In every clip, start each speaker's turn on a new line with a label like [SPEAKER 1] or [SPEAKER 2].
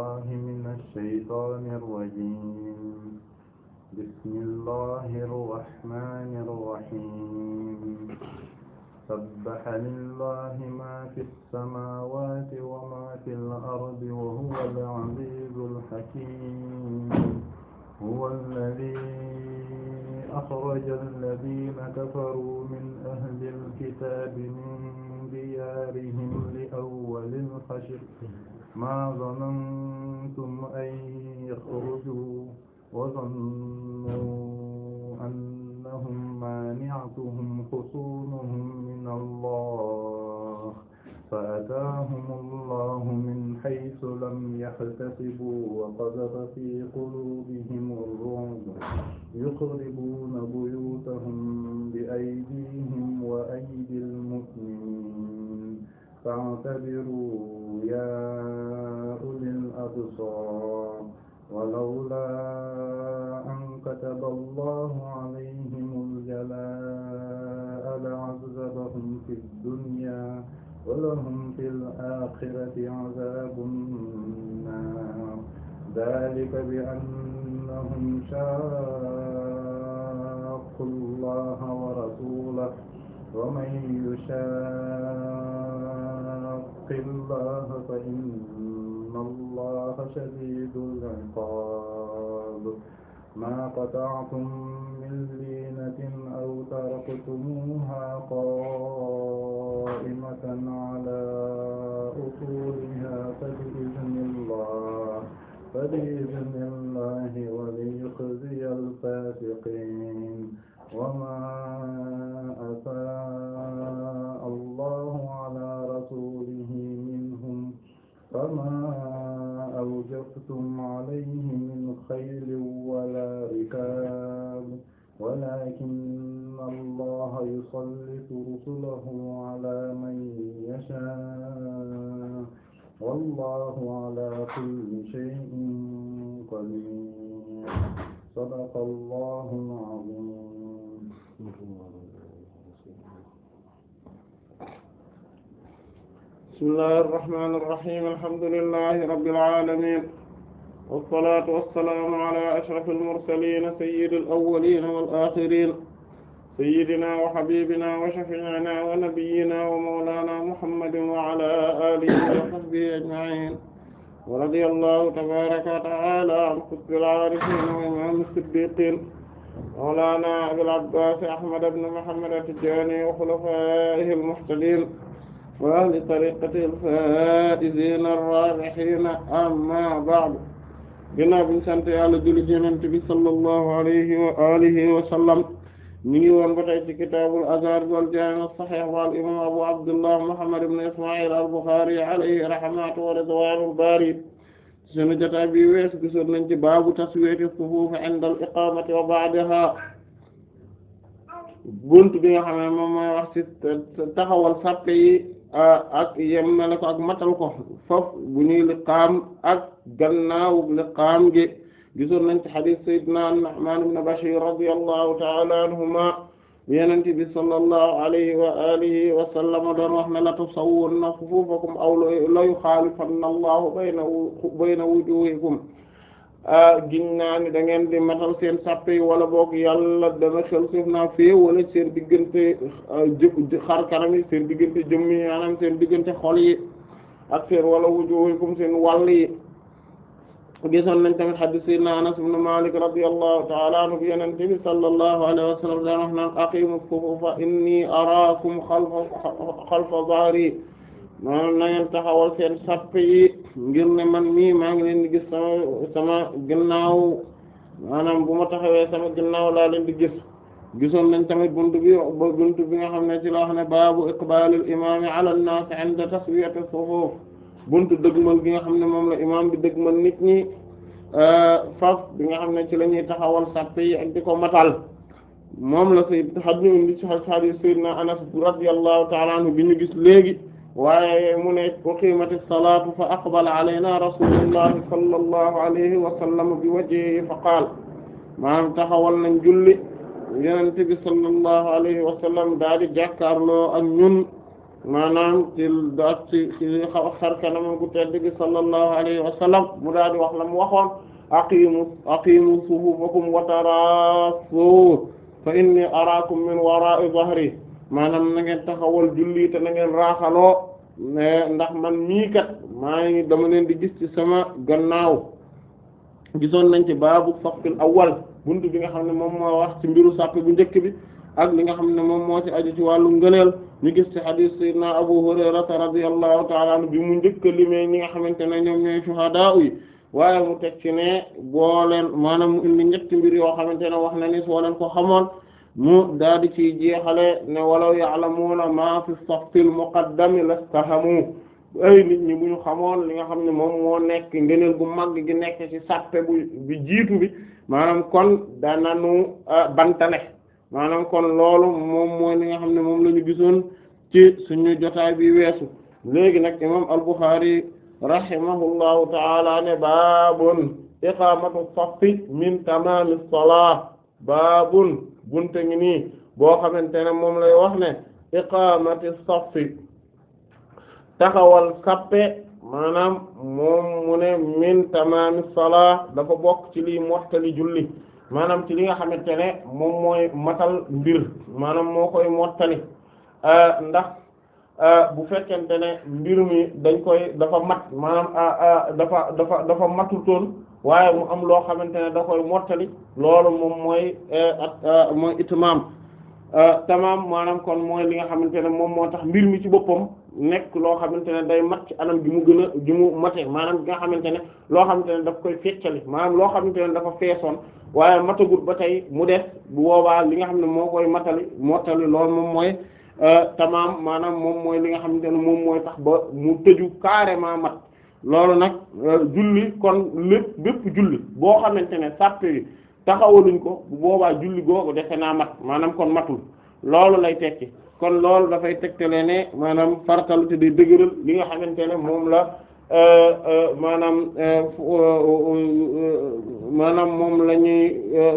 [SPEAKER 1] الله من الشيطان الرجيم بسم الله الرحمن الرحيم سبح لله ما في السماوات وما في الأرض وهو العزيز الحكيم هو الذي أخرج الذين كفروا من أهل الكتاب من ديارهم لأول الحشر ما ظننتم أن يخرجوا وظنوا أنهم مانعتهم حصونهم من الله فأتاهم الله من حيث لم يحتسبوا وقذف في قلوبهم الرعب يخربون بيوتهم بأيديهم وأيدي المؤمنين فاعتبروا يا قسطا ولولا أن كتب الله عليهم الجلاء لعذبهم في الدنيا ولهم في الآخرة عذاب النار ذلك بأنهم شاقوا الله ورسوله ومن يشاق الله فإن inna allaha shadidul iqaab maa qata'tum min liinatin aw taraktumuuha qaa'imatan alaa usuulihaa fabi'izni llaah fabi'izni llaahi wa liyukhziya alfaasiqiin wa maa لستم عليه من خيل ولا ركاب ولكن الله يسلط رسله على من يشاء والله على كل شيء قدير صدق الله العظيم بسم
[SPEAKER 2] الله الرحمن الرحيم الحمد لله رب العالمين wasalaatu wasalaamu ala ashrafil mursaliina sayyidil awwaliina wal aaxiriina sayyidinaa wa habiibinaa wa shafii'inaa wa nabiyyinaa wa mawlaanaa muhammadin wa ala aalihi wa sahbihi ajma'iin wa radiyallaahu tabaaraka wa ta'aalaa an qutbil aarifiina wa imaami siddiiqiin mawlaanaa abil abbaas ahmad ibn muhammad at-tijaani wa xulafaa'ihil muhtadiin wa ahli tariiqatihil faa'iziina ar-raabihiina ammaa ba'du ginnaaw bi ñu sant yàlla julli bi sallallahu alayhi wa alihi wa sallam ñu ngi woon ba tey ci kitaabul azhar wal jaami' as abu abdullah muhammad ibn isma'il al-bukhari alayhi rahmatu wa ridwanul bari sunu jotaay bi wees gisoon nañ ci baabu sufuuf inda al-iqaamati wa ba'daha bunt bi nga xam ne moom wax ci taxawal sàppe ak yemmale ko ak matal ko foofu bu ñuy ak gannaaw liqaam gi gisoon nañ ci xadis sayyidina Nu'man ibn Bashir radiyallahu ta'ala anhuma Yonent bi sallallahu alayhi wa alihi wa sallam doon wax ne la tusawwunna sufufakum aw la yukhalifanna Allahu bayna bayna wujuhikum ah, giñ naa ni da ngeen di matal seen sàppe yi wala boog yàlla dana xel suuf naa fee wala seen diggante ah, xar kanam yi seen diggante jëmm yi yi ak wala wujuhikum seen wàll gisoon nañ tamit hadith sayyidina Anas ibn Malik radiyallahu ta'ala anhu bi Yonent bi sallallahu alayhi wa sallam daan wax naan aqimu sufufa inni araakum xalfa xalfa zahri maanaam na ngeen taxawal seen sapp yi ngir ne man mii maa ngi leen di gis sama sama ginnaaw maanaam bu ma taxawee sama ginnaaw laa leen di gis gisoon nañ tamit buntu bi buntu bi nga xam ne ci la wax ne baabu iqbalil imaami ala an-naas 'inda taswiyati sufuf buntu dëgmal gi nga xam ne moom la imaam bi dëgmal nit ñi euh, faf bi nga xam ne ci la ñuy taxawal sàppe yi ak di matal moom la sayyid xaj ñu indi ci hadith sayyidina anas radiyallahu ta'ala anhu bi ñu gis léegi waaye mu ne uqiimati salaatu fa aqbala alayna rasulullahi sallallahu alayhi wa bi wajhihi fa qaal maanaam taxawal nañ julli yenente bi sallallahu alayhi wa sallam daal di jàkkaarloo ak ñun maanaam ci ak ci xarkanam gu tedd bi sallallahu alayhi wa mu daal di wax la mu waxoon aqimu aqimu sufufakum wa tarasu fa inni araakum min wara'i zahri maanaam nangeen ngeen taxawal julli te nangeen ngeen raaxaloo ndax man mii kat maa ngi dama leen di gis ci sama gannaaw gisoon nañ ci baabu safil awwal buntu bi nga xam ne moom moo wax ci mbiru sàpp bu njëkk bi ak li nga xam ne moom moo ci ajo ci wàllu ngëneel ñu gis ci xadis sayyidina Abu Hurayrata radiyallahu ta'ala bi mu njëkk limee ñi nga xamante ne ñoom ñooy shuhadaa yi waaye mu teg ci ne boo maanaam mu indi ñetti mbir yoo xamante ne wax na ni soo leen xamoon mu daal di ciy jeexale ne walaw ya'lamuuna maa fi saffil muqaddami lastahamu ay nit ñi bu xamoon li nga xam ne moom moo nekk ngëneel gu mag gi nekk ci sàppe bu bi jiitu bi maanaam kon dananu ah, bantale maanaam kon loolu moom mooy li nga xam ne moom la ñu gisoon ci suñu jotaay bi weesu léegi nag imam al-Bukhari rahimahullahu taala ne baabun iqamatu saffi min tamami salaa baabun bunte ngi nii boo xamante ne moom lay wax ne iqamati saffi taxawal sappe maanaam moom mu ne min tamami salaa dafa bokk ci lii moxtali julli maanaam ci li nga xamante ne moom mooy matal mbir maanaam moo koy mottali euh, ndax euh, bu fekkente ne mbir mi dañ koy dafa mat maanaam euh, dafa dafa dafa matutoon waaye mu am loo xamante ne da koy mottali loolu moom mooy mooy itmaam tamaam maanaam kon mooy li nga xamante ne moom moo tax mbir mi ci boppam nekk loo xamante ne day mat ci anam gi mu gën gi mu mate maanaam gi nga xamante ne loo xamante ne daf koy feccali maanaam loo xamante ne dafa feesoon waaye matagut ba tey mu des bu boobaa li nga xam ne moo koy matali mottali loolu moom mooy euh, tamaam maanaam moom mooy li nga xamante ne moom mooy tax ba mu tëju carrément mat loolu nag euh, julli kon lépp bépp julli boo xamante ne sàppe yi taxawaluñ ko bu boobaa julli googu defe naa mat maanaam kon matul loolu lay tekki kon loolu dafay tegtale ne maanaam faratalu te day dëgëral li nga xamante ne moom la euh, euh, maanaam euh, maanaam moom la ñuy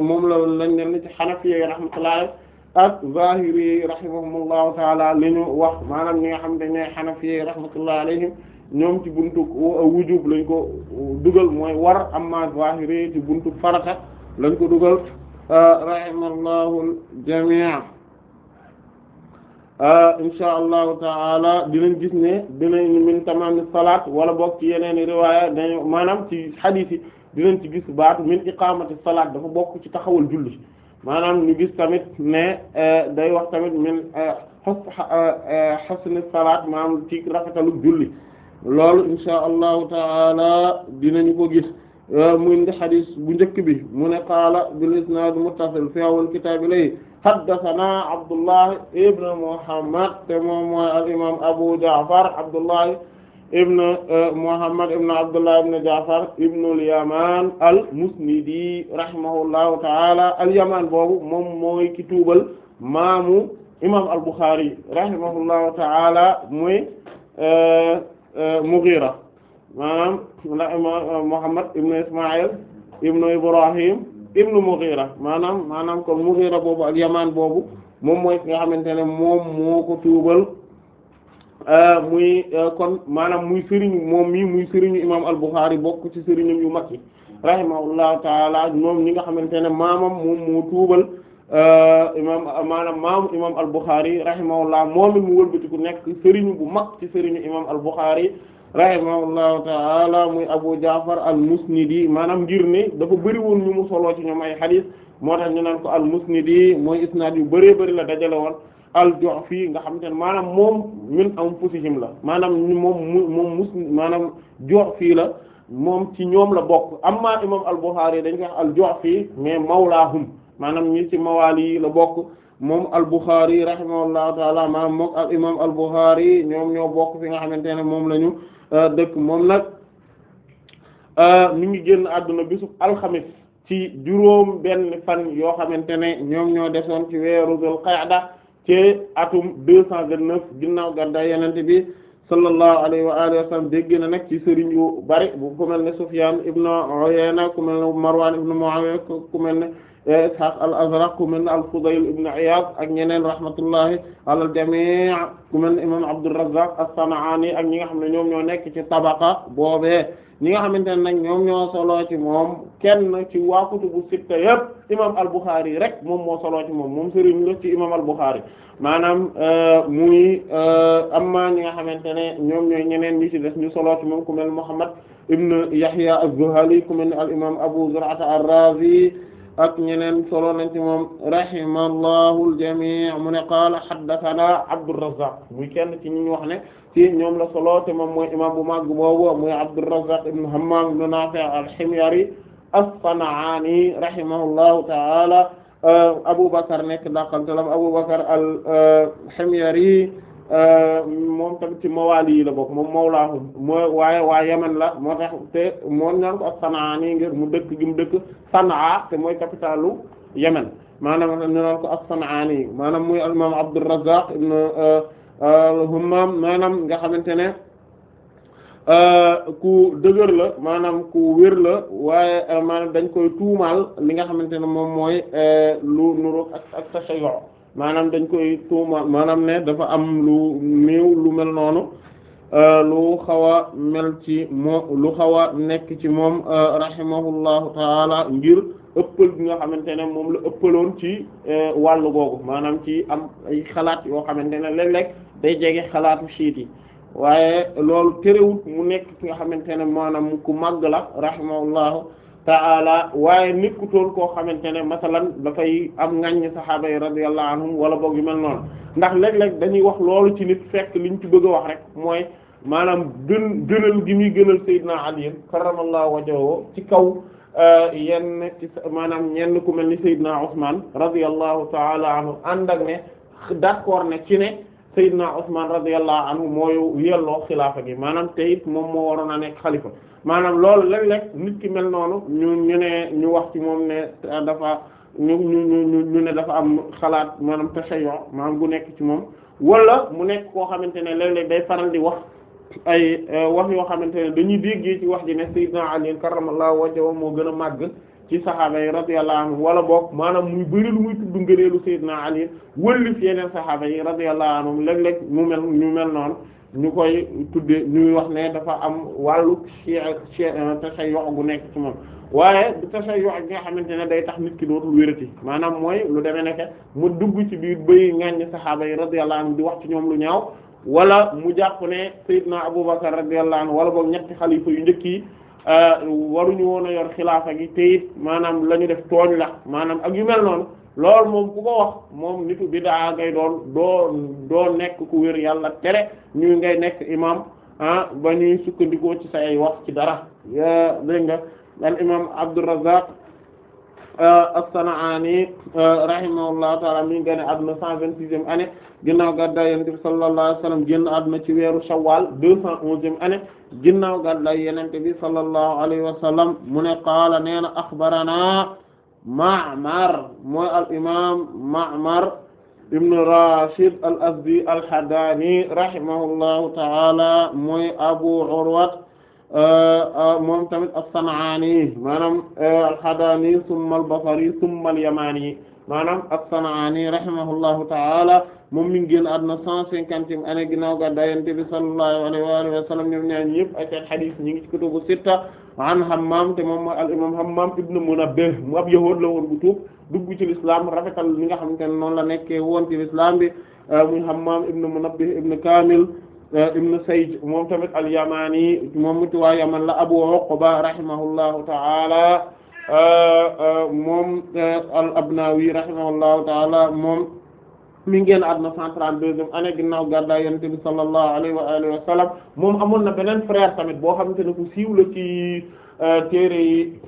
[SPEAKER 2] moom la lañ leen ni ci xanafiye rahmatullahi ak zahiri yi rahimahumullahu taala li ñu wax maanaam ñi nga xam ne xanafiye rahmatullahi alayhim ñoom ci buntu wujub lañ ko dugal mooy war amma zahiri ci buntu farata lañ ko dugal rahimallahu al jami'a Euh, insha allahu taala dinañ gis ne dinañ min tamaami salaat wala boog ci yeneen i riwaaya dañu maanaam ci xadiis yi dinañ ci gis baatu min iqaamati salaat dafa bokk ci taxawal julli maanaam ñu gis tamit ne euh, day wax tamit min xasni euh, salaat maanaam ci rafetalu julli loolu insha allahu taala dinañu ko gis mu indi xadiis bu njëkk bi mu ne qaala bil isnaad muttasil fi awwal kitaabi lay haddathana Abdullah ibn Muhammad te moom mooy al imaam Abu Ja'far Abdullah ibn Muhammad ibn Abdullah ibn Ja'far ibn al-Yaman al-Musnidi rahimahullahu ta'ala al-Yaman boobu moom mooy ki tuubal maamu imaam al-Bukhari rahimahullahu ta'ala mooy Mughira maanaam Muhammad ibn Isma'il ibn Ibrahim ibnu Mughira maanaam maanaam kon Mughira boobu ak Yamaan boobu moom mooy ki nga xamante ne moom mu ko tuubal euh, muy euh, kon maanaam muy sëriñ moom mii muy sëriñu imaam al-Bukhari bokk ci sëriñam yu mag yi rahimahullahu taala moom ñi nga xamante ne maamam moom mu tuubal euh, imaam maanaam maamu imaam al-Bukhari rahimahullah moom it mu wëlbati ku nekk sëriñu bu mag ci sëriñu imaam al-Bukhari rahimahullahu taala muy Abu Ja'far al-Musnidi maanaam ngir ne dafa bëri woon ñu mu soloo ci ñoom ay xadis moo tax ñu naan ko al-Musnidi mooy isnaad yu bëree bëri la dajale woon al-Ju'fi nga xam te ne maanaam moom min anfusihim la maanaam moom moom mus maanaam Ju'fi la moom ci ñoom la bokk amma imam al-Bukhari dañ koy wax al-Ju'fi mais mawlaahum maanaam ñi ci mawaali yi la bokk moom al-Bukhari rahimahullahu taala maanaam mook al imam al-Bukhari ñoom ñoo bokk fi nga xamante ne moom la ñu Euh, dëkk moom nag euh, mi ngi génn àdduna bisub alxamis ci juróom benn fan yoo xamante ne ñoom ñoo desoon ci weeru Dul Qaada ci atum deux cent vingt-neuf ginnaaw gaddaay yenente bi sallallahu alayhi wa alihi wa nag ci sëriñ yu bari bu ku mel ne Sufyaan ibn Uyayna ku mel ne Marwaan ibn Muawiya ku mel ne Eh, Ishaq al-Azraq ku mel ne al-Fudayl ibn Iyad ak ñeneen rahmatullahi ala al-jami' ku mel ne imam Abdurrazzaq as-San'ani ak ñi nga xam ne ñoom ñoo nekk ci tabaqa boobee ñi nga xamante ne nag ñoom ñoo solo ci moom kenn ci waa kutubu sitta yépp imam al-Bukhari rek moom moo solo ci moom moom sëriñ la ci imam al-Bukhari maanaam eh, muy eh, amma ñi nga xamante ne ñoom ñooy ñeneen ñi ci des ñu solo ci moom ku mel Muhammad ibn Yahya az-Zuhali ku mel ne al-imam Abu Zur'ata ar-Razi ak ñeneen solo nañ ci moom rahimallahu al-jamii mu ne qaala haddathana Abdurrazzaq muy kenn ci ñu wax ne ci ñoom la solo te moom mooy imam bu mag boobu muy Abdurrazzaq ibn Hammam ibn Nafi' al-Himyari as-San'aani rahimahullahu ta'ala Abu Bakr nekk dàqantalam Abu Bakr al-Himyari Euh, moom tamit ci mawaali yi la bokk moom mawlaahu mooy waaye waa Yemen la moo tax te moom ñaan ko ak Sanaani ngir mu dëkk gi mu dëkk Sanaa te mooy capitalu Yemen maanaam ñu maanaam muy al-imaam Abdurrazzaq ibn euh, euh, Hummaam maanaam nga xamante ne ku dëgër la maanaam ku wér la waaye maanaam dañ koy tuumaal li nga xamante ne moom mooy lu nuroog ak ak tashayyu maanaam dañ koy tuuma maanaam ne dafa am lu néew lu mel noonu euh, lu xaw a mel ci moom lu xaw a nekk ci moom euh, rahimahullahu taala ngir ëppal nga xamante ne moom la ëppaloon ci euh, wàllu googu maanaam ci am ay xalaat yoo xamante ne léeg-léeg day jege xalaatu siit yi waaye loolu terewut mu nekk ki nga xamante ne maanaam ku màgg la rahimahullahu ta'ala waaye nit ku tool koo xamante ne masalan dafay am ŋàññ sahaaba yi radiyallahu anhum wala boog yu mel noonu ndax léeg-léeg dañuy wax loolu ci nit fekk liñ ci bëgg a wax rek mooy maanaam gën gënal gi muy gënal Seydina Ali karramallahu wajhahu ci kaw euh, yenn ci maanaam ñenn ku mel ni Seydina Usman radiyallahu ta'ala anhu ànd ak ne d'accord ne ci ne Seydina Usmaan radiyallahu anhu mooy yelloo xilaafa gi maanaam te moom moo waroon a nekk xalifa maanaam loolu léeg-léeg nit ki mel noonu ñu ñu ne ñu wax ci moom ne dafa ñu ñu ñu ne dafa am xalaat maanaam tashayyu maanaam gu nekk ci moom wala mu nekk koo xamante ne léeg-léeg day faral di wax ay euh, wax ñoo xamante ne dañuy déggee ci wax ji ne Seydina Ali karramallahu wajhahu moo gën a màgg ci saxaaba yi radiyallahu anhu wala boog maanaam muy bëri lu muy tudd ngëneelu Seydina Ali wëlif yi radiyallahu anhum léeg-léeg mu mel ñu mel noonu ñu koy tudde ñuy wax ne dafa am wàllu ci ci tashayyu gu nekk ci moom waaye tashayyu gi nga xamante ne day tax nit ki dootul wérati maanaam mooy lu demee nekk mu dugg ci biir bëy ŋàññ saxaaba yi radiyallahu anhum di wax ci ñoom lu ñaaw wala mu jàpp ne Seydina Abubakar radiyallahu anhu wala boog ñetti xalifa yu njëkk yi Euh, waruñu woon a yor xilaafa gi te it maanaam la ñu def tooñ la maanaam ak yu mel noonu loolu moom ku ko wax moom nitu bidaa ngay doon doo nekk ku wér yàlla tere ñu ngay nekk imam ah ba ñuy sukkandikoo ci say wax ci dara euh, dégg nga al imam Abdurrazzaq Euh, as-San'aani euh, rahimahullahu ta'ala mi ngi génn àdduna 126e année ginnaaw gàddaay Yonent bi sallallahu alayhi wa sallam génn àdduna ci weeru Shawwal 211e année ginnaaw gàddaay Yonent bi sallallahu alayhi wa sallam mu ne qaala nee na axbaranaa Ma'mar mooy al-imaam Ma'mar ibn Rashid al-Azdi al-Hadaani rahimahullahu ta'ala mooy Abu Urwa moom tamit as-San'aani maanaam al-Hadaani summa al-Basri summa al-Yamaani maanaam as-San'aani rahimahullahu ta'ala moom mi ngi génn àdduna cent cinquantième année ginnaaw gàddaay Yonent bi sallallahu alayhi wa alihi wa sallam ñoom ñaar ñëpp ay hadiis ñi ngi ci kutubu sitta an Hammaam te moom mooy al-imaam Hammaam ibn Munabbih mu ab yahuud la woon bu tuub dugg ci l'islam rafetal li nga xamante ne noonu la nekkee woon ci l'islam bi muy Hammaam ibn Munabbih ibn Kaamil ibn Sayd moom tamit al-Yamani moom mu ci waa Yaman la Abu Uqba rahimahullahu ta'ala uh, uh, moom uh, al-Abnawi rahimahullahu ta'ala moom mi ngi génn àdduna 132e année ginnaaw gàddaay Yonent bi sallallahu alayhi wa moom amoon na beneen frère tamit boo xamante ne ku siiw la ci téere yi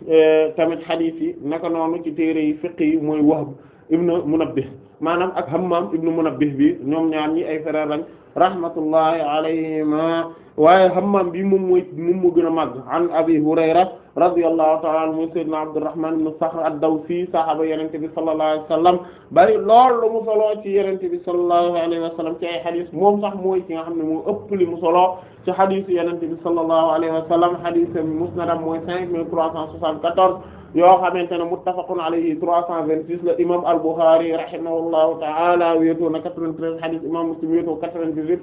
[SPEAKER 2] tamit hadith yi naka noonu ci téere yi fiqh mooy Wahb ibn Munabbih maanaam ak Hammam ibn Munabbih bi ñoom ñaar ay frère rahmatullahi alayhima waaye Hammam bi moom mooy moom moo gën a màgg an Abi Hurayra radiyallahu ta'ala anhu mooy sayyidina Abdurrahman ibn Sakhr ad-Dawsi sahaaba yenente bi sallallahu alayhi wa sallam bari lool lu mu soloo ci yenente bi sallallahu alayhi wa sallam ci ay xadis moom sax mooy ci nga xam ne moo ëpp li mu soloo ci xadisu yenente bi sallallahu alayhi wa sallam xadisam musnadam mooy cinq mille trois cent soixante-quatorze yoo xamante ne muttafaqun alayhi trois cent vingt-six la imam al-Bukhari rahimahullahu ta'ala wéetoo na quatre-vingt-treize hadith imam Muslim wéetoo quatre-vingt-dix-huit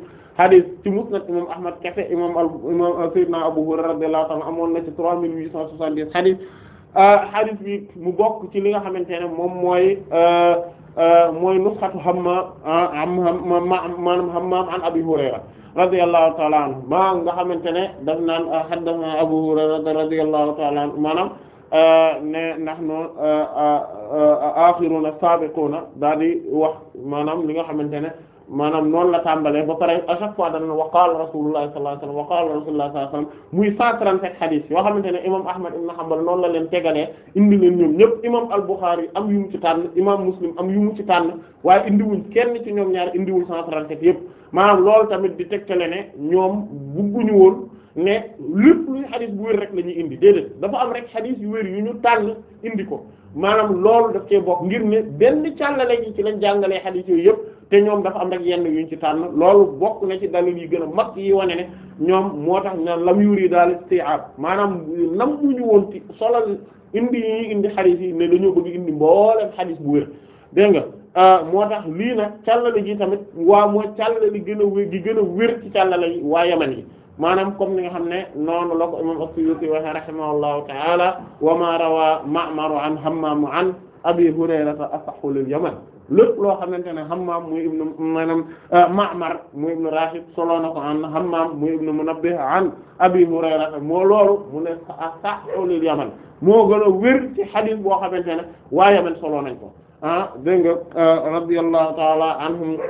[SPEAKER 2] ci musnad imam Ahmad kafe imam al Abu Hurayra radiyallahu ta'ala amoon na ci trois mille huit cent soixante-dix hadith euh, hadith bi mu bokk ci li nga xamante ne moom mooy euh, euh, mooy nusxatu Hamma ah, maanaam Hammaam an Abi Hurayra radiyallahu ta'ala anhu maa nga xamante ne daf naan ah, haddathana Abu Hurayra radiyallahu ta'ala anhu maanaam ne nahnu axiruna sabiquna daal di wax maanaam li nga xamante ne maanaam noonu la tàmbalee ba pare à chaque fois dana ne wa qaala rasulullah sallallahu alayhi wasallam wa qaala rasulullah sallallahu alayhi wasallam muy 137 hadith yoo xamante ne imam Ahmad ibn Hanbal noonu la leen tegalee indi leen ñoom ñëpp imam al-Bukhari am yu mu ci tànn imam Muslim am yu mu ci tànn waaye indiwuñ kenn ci ñoom ñaar indiwul 137 yëpp maanaam loolu tamit di tegtale ne ñoom bugguñu woon. ne lépp luy xadis bu wér rek la ñuy indi déedéet dafa am rek xadis yu wér yu ñu tànn indi ko maanaam loolu daf kee bokk ngir ne benn càllale ji ci lañ jàngalee xadis yooyu yëpp te ñoom dafa am rek yenn yu ñu ci tànn loolu bokk na ci dalil yi gën a mag yi wane ne ñoom moo tax ñaan lam yuri daal istiab maanaam nam ñu woon ci solal indi yi indi xadis yi ne dañoo bëgg indi mbooleem xadis bu wér dégg nga ah, moo tax lii nag càllale ji tamit waa moo càllale gi gën a wér gi gën a wér ci càllale yi waa yaman yi maanaam comme ni nga xam ne noonu la ko imam as-Suyuti waxe rahimahullahu ta'ala wa ma rawa Ma'mar an Hammam an Abi Hurayrata asahhu lil Yaman lépp loo xamante ne Hammam muy ibnu maanaam euh, Ma'mar muy ibnu Rashid solo na ko an Hammam muy ibnu Munabbih an Abi Hurayrata moo loolu mu ne asahhu lil Yaman moo gën a wér ci xadis boo xamante ne waa Yaman solo nañ ko ah dégg nga euh, radiyallahu ta'ala anhum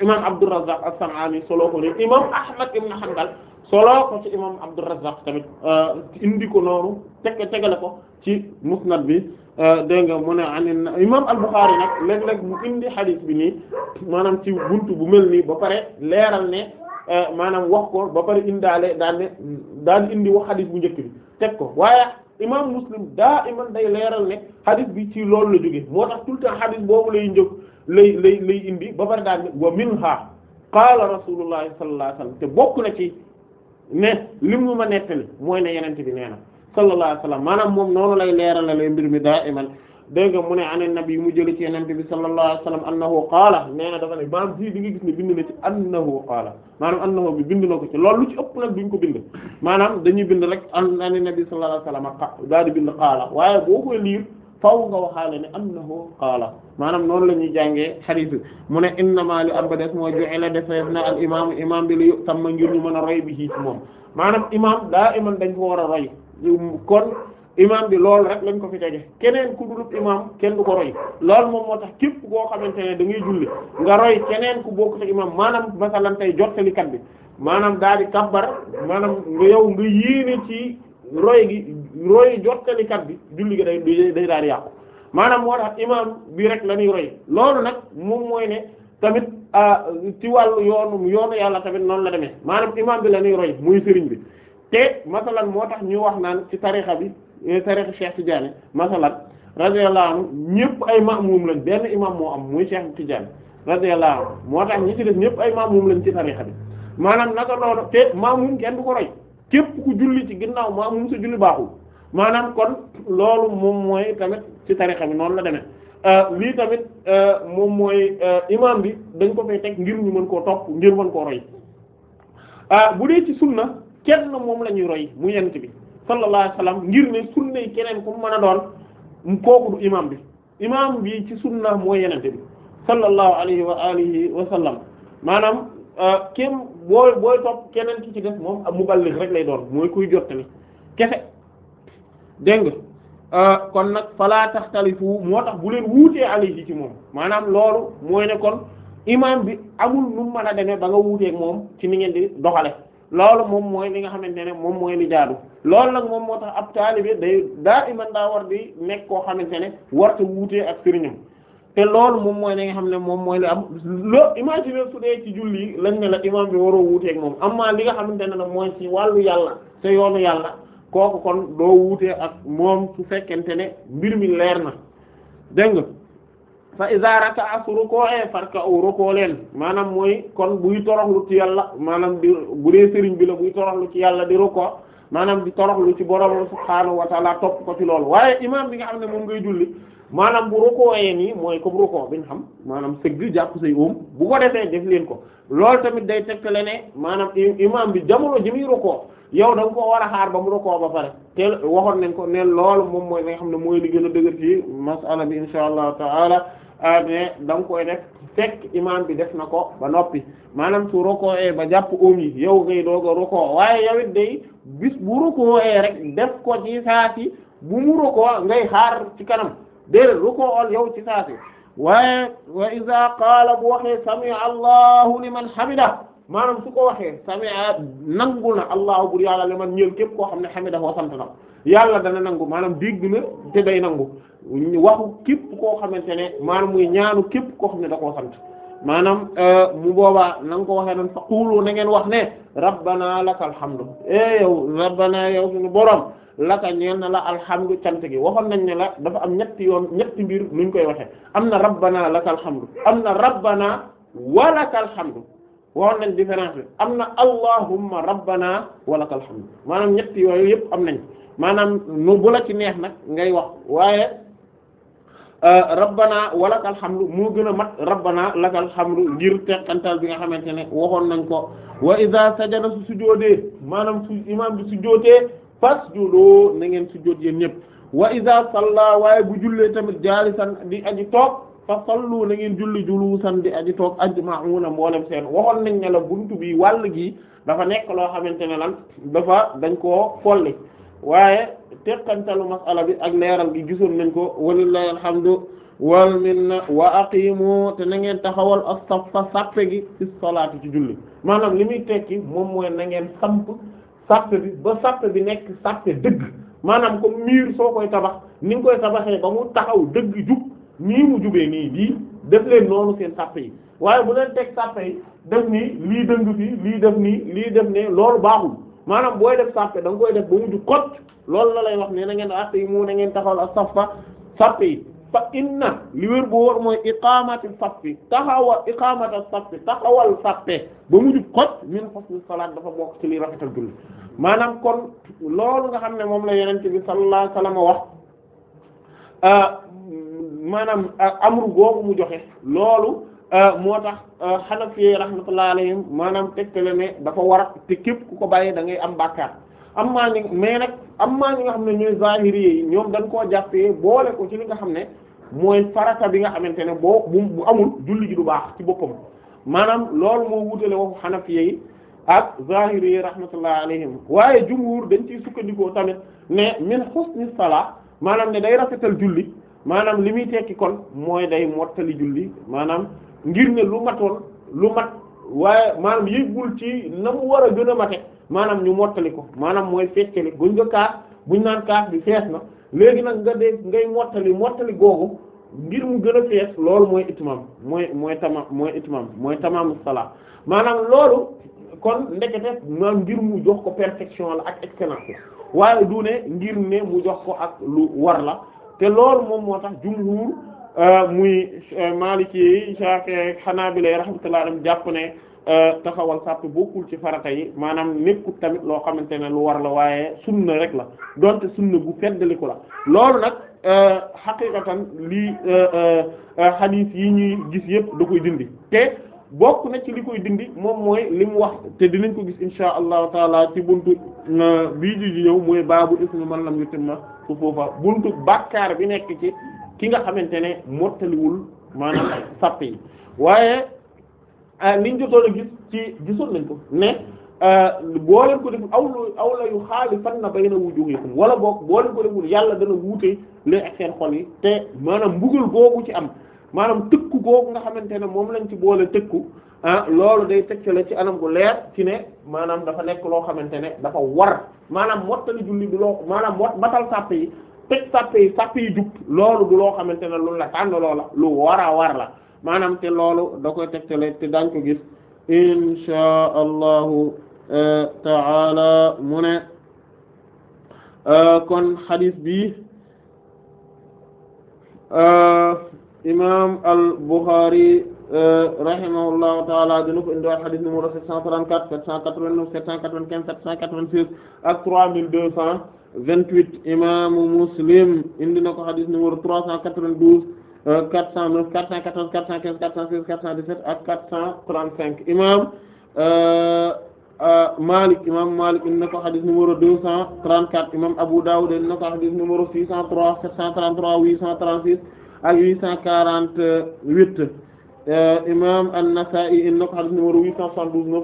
[SPEAKER 2] imam Abdurrazzaq as-San'ani solo ko ni imam Ahmad ibn Hanbal solo ko ci imam Abdur Razzaq tamit euh, indi ko noonu teg tegale ko ci musnad bi euh, dégg nga mu ne anin imam al-Bukhari nag léeg-léeg mu indi hadith bi ni maanaam ci buntu bu mel nii ba pare leeral ne euh, maanaam wax ko ba pare indaale daan ne daan indi wax hadith bu njëkk bi teg ko waaye imam Muslim daa iman day leeral ne hadith bi ci loolu la jóge moo tax tout le temps boobu lay njëkk lay lay lay indi ba pare daal ne wa minha qaala rasulullahi sallallahu alayhi wasallam te bokk na ci ne lim mu ma nettali mooy ne yenente bi nee na sallallahu alayhi wa sallam maanaam moom noonu lay leerala la mbir mi daa iman dégg nga mu ne anen nabi mu jëli ci yenente bi sallallahu alayhi wa sallam annahu qaala nee na dafa ne maanaam fii di nga gis ne na ci annahu qaala maanaam annahu bi bind na ko ci loolu ci ëpp nag duñ ko bind maanaam dañuy bind rek an anen nabi sallallahu alayhi wa sallam qa daal di bind qaala waaye boo koy liir faaw nga waxaale ne annahu qaala maanaam noonu la ñuy jàngee xadis bi mu ne innama li am ba des mooy ju'ila defeef na al imam imam bi li tam ma ngir ñu mën a roy bi ci moom maanaam imam daa iman dañ ko war a roy kon imam bi lool rek lañ ko fi tege keneen ku dulub imam kenn du ko roy lool moom moo tax képp koo xamante ne da ngay julli nga roy keneen ku bokk te imam maanaam masalan tey jottalikat bi maanaam daal di kabbar maanaam nga yow nga yéene roy gi roy jottalikat bi julli gi day day daan yàqu maanaam moo tax imaam bi rek la ñuy roy loolu nag moom mooy ne tamit ah, ci wàllu yoonu yoonu yàlla tamit noonu la demee maanaam imaam bi la ñuy roy muy sëriñ bi te masalan moo tax ñu wax naan ci tarixa bi eh, tarixa Cheikh Tidiane masalan radiyallahu anhu ñëpp ay maamum lañ benn imam moo am muy Cheikh Tidiane radiyallahu anhu moo tax ñi ci def ñëpp ay maamum lañ ci tarixa bi maanaam naka loolu te maamum kenn du ko roy képp ku julli ci ginnaaw maam mu sa julli baaxul maanaam kon loolu moom mooy tamit ci tarixa bi noonu la demee euh, lii tamit euh, moom mooy euh, imaam bi dañ ko fay teg ngir ñu mën koo topp ngir mën koo roy bu dee ci sunna kenn moom la ñuy roy mu yent bi sallallahu alayhi wasallam ngir ne sunna yi keneen ku mën a doon kooku du imaam bi imaam bi ci sunna moo yenente bi sallallahu alayhi wa alihi wa sallam maanaam kéem booy booy topp keneen ki ci def moom ab muballigh rek lay doon mooy kuy jot kese dégg nga euh, kon nag falaa taxtalifu moo tax bu leen wuutee alayhi ci moom maanaam loolu mooy nekkoon kon imaam bi amul nu mu mën a demee ba nga wuuteeg moom ci ni ngeen di doxale loolu moom mooy li nga xamante ne moom mooy li jaadu loolu nag moom moo tax ab taalibe day daa iman daa war di nekk koo xamante ne warta wuutee ak sëriñam te loolu moom mooy li nga xam ne moom mooy li am loo imaginer su dee ci julli lañ ne la imam bi waroo wuuteek moom amaa li nga xamante ne nag mooy ci wàllu yàlla te yoonu yàlla kooku kon doo wuutee ak moom su fekkente ne mbir mi leer na dégg nga fa iza raka'a su ruko'e farka'u rukoo leen maanaam mooy kon buy toroxlu ci yàlla maanaam di bu dee bi la buy toroxlu ci yàlla di ruko maanaam di toroxlu ci borom subhaanahu wa ta'ala topp ko ci loolu waaye imam bi nga xam ne moom ngay julli maanaam bu rukkoo yee nii mooy comme rukkoo bi ñu xam maanaam sëgg jàpp say óom bu ko defee def leen ko lool tamit day tegtale ne maanaam imaam bi jamono ji muy rukkoo yow da nga ko war a xaar ba mu rukkoo ba pare te waxoon nañ ko ne lool moom mooy li xam ne mooy li gën a dëgër ci masala bi insha allahu taala mais ah da nga koy def fekk imaam bi def na ko ba noppi maanaam su rukkoo yee ba jàpp óom yi yow ngay doog a rukkoo waaye yow it day bis bu rukkoo yee rek def ko ci saasi bu mu rukkoo ngay xaar ci kanam. déedéet rukoo on yow ci saasi waaye wa iza qaala bu waxee sami'a allahu liman hamida maanaam su ko waxee sami'a nangu na allahu bur yàlla man ñeel képp koo xam ne hamida wa sant na yàlla dana nangu maanaam dégg na te day nangu waxu képp koo xamante ne maanaam mu ñaanu képp koo xam ne da koo sant maanaam euh, mu boobaa nang ko waxee noonu faqulu na ngeen wax ne rabbana lakal hamdu e yow rabbana yow suñu borom laka ñeel na la alhamdu cant gi waxoon nañ ne la dafa am ñetti yoon ñetti mbir nuñ koy waxe am na rabbana laka alhamdu am na rabbana wa laka alhamdu waxoon nañ différence bi am na allahumma rabbana wa laka maanaam ñetti yooyu yëpp am nañ maanaam nu bu ci neex na ngay wax waaye euh, rabbana wa laka alhamdu moo gën a mat rabbana laka alhamdu ngir teqantal bi nga xamante ne waxoon nañ ko wa idha sajada su sujoodee maanaam imaam bi sujoodee fasjudu na ngeen sujjóot yéen ñëpp wa iza salla waaye bu jullee tamit jaalisan di aji toog fa sallu na ngeen julli julusan di aji toog ajma'una mboolem seen waxoon nañ ne la buntu bi wàll gi dafa nekk loo xamante ne lan dafa dañ ko folli waaye teqantalu mas'ala bi ak leeral gi gisoon nañ ko walillahi alhamdu wal minna wa aqimu te na ngeen taxawal as-saffa sappe gi fi salaati ci julli maanaam li muy tekki moom mooy na ngeen samp sàppe bi ba sàppe bi nekk sàppe dëgg maanaam comme miir soo koy tabax ni nga koy tabaxee ba mu taxaw dëgg jub nii mu jubee nii lii def leen noonu seen sàppe yi waaye bu leen teg sàppe yi def nii lii dëng fii lii def nii lii def ne loolu baaxul maanaam booy def sàppe da nga koy def ba mu jub kot loolu la lay wax ne na ngeen àtte yi mu na ngeen taxawal ak saffa sàppe yi fa inna li wér bu wóor mooy iqamati saffi taxawal iqamata saffi taxawal sàppe ba mu jub kot min xosni salaat dafa bokk ci li rafetal julli maanaam kon loolu nga xam ne moom la yonent bi sallallahu alayhi wasallam wax euh, maanaam euh, amru googu mu joxe loolu euh, moo tax Hanafi rahmatullahi alayhim maanaam tele ne dafa war te képp ku ko bàyyi da ngay am bàkkaar am maa ñi mais nag am maa ñi nga xam ne ñooy zahiri yi ñoom dañ koo jàppee boole ko ci li nga xam ne mooy farata bi nga xamante ne boo bu amul julli gi du baax ci boppam maanaam loolu moo wutale waxu Hanafi yi ak zahiri yi rahmatullah alayhim waaye jumhur dañ ciy sukkandikoo tamit ne min husni salah maanaam ne day rafetal julli maanaam li muy tekki kon mooy day mottali julli maanaam ngir ne lu matoon lu mat waaye maanaam yëggul ci na mu war a gën a mate maanaam ñu mottali ko maanaam mooy fekkeli buñ nga kaas buñ naan kaas bi fees na léegi nag nga dee ngay mottali mottali googu ngir mu gën a fees loolu mooy itmam mooy mooy tama mooy itmam mooy tamamu salaa maanaam loolu kon ndekete maam ngir mu jox ko perfection la ak excellence waaye du ne ngir ne mu jox ko ak lu war la te loolu moom moo tax jumhur euh, muy ci xanaa bi Hanabila rahmatullahi alayhim jàpp ne euh, taxawal sàpp kul ci farata yi maanaam nekkul tamit loo xamante ne lu war la waaye sunna rek la donte sunna bu ko la loolu nag euh, xaqiqatan lii xadiis yi ñuy gis yëpp da koy dindi te. bokk na ci li koy dindi moom mooy li mu wax te dinañ ko gis insha allahu taala ci buntu euh, bii di ñëw mooy baabu ismi man lam yutimma su foofa buntu bàkkaar bi nekk ci ki nga xamante ne mottaliwul maanaam sàpp waaye liñ euh, jotoon a gis ci gisoon nañ ko mais euh, boo leen ko def aw aw la yu xaalifan na bayna wujuhikum wala boog boo leen ko deful yàlla dana wuute leen ak seen xol yi te maanaam mbugal boobu ci am maanaam tëkku googu nga xamante ne moom lañ ci boole tëkku ah loolu day tëkkale ci anam gu leer ci ne maanaam dafa nekk loo xamante ne dafa war maanaam mottali julli du loo maanaam mot matal sàpp yi tëj jub loolu du loo xamante ne loolu la tànn loola lu war a war la maanaam te loolu da koy tëkkale te daañ ko gis insha allahu eh, taala mu ne eh, kon xadis bi eh, imaam al Bukhari euh, rahimahullahu taala dina ko indiwaat xadis numéro 734 789 795 796 ak 3228 imaamu Muslim indi na ko xadis numéro 392 409 414 415 416 417 ak 435 imaam euh, euh, Malik imaam Malik indi na ko xadis numéro 234 imaam Abu Dawud indi na ko xadis numéro 603 733 836 ak 848 euh, imam An-Nasa'i in na ko xadis numéro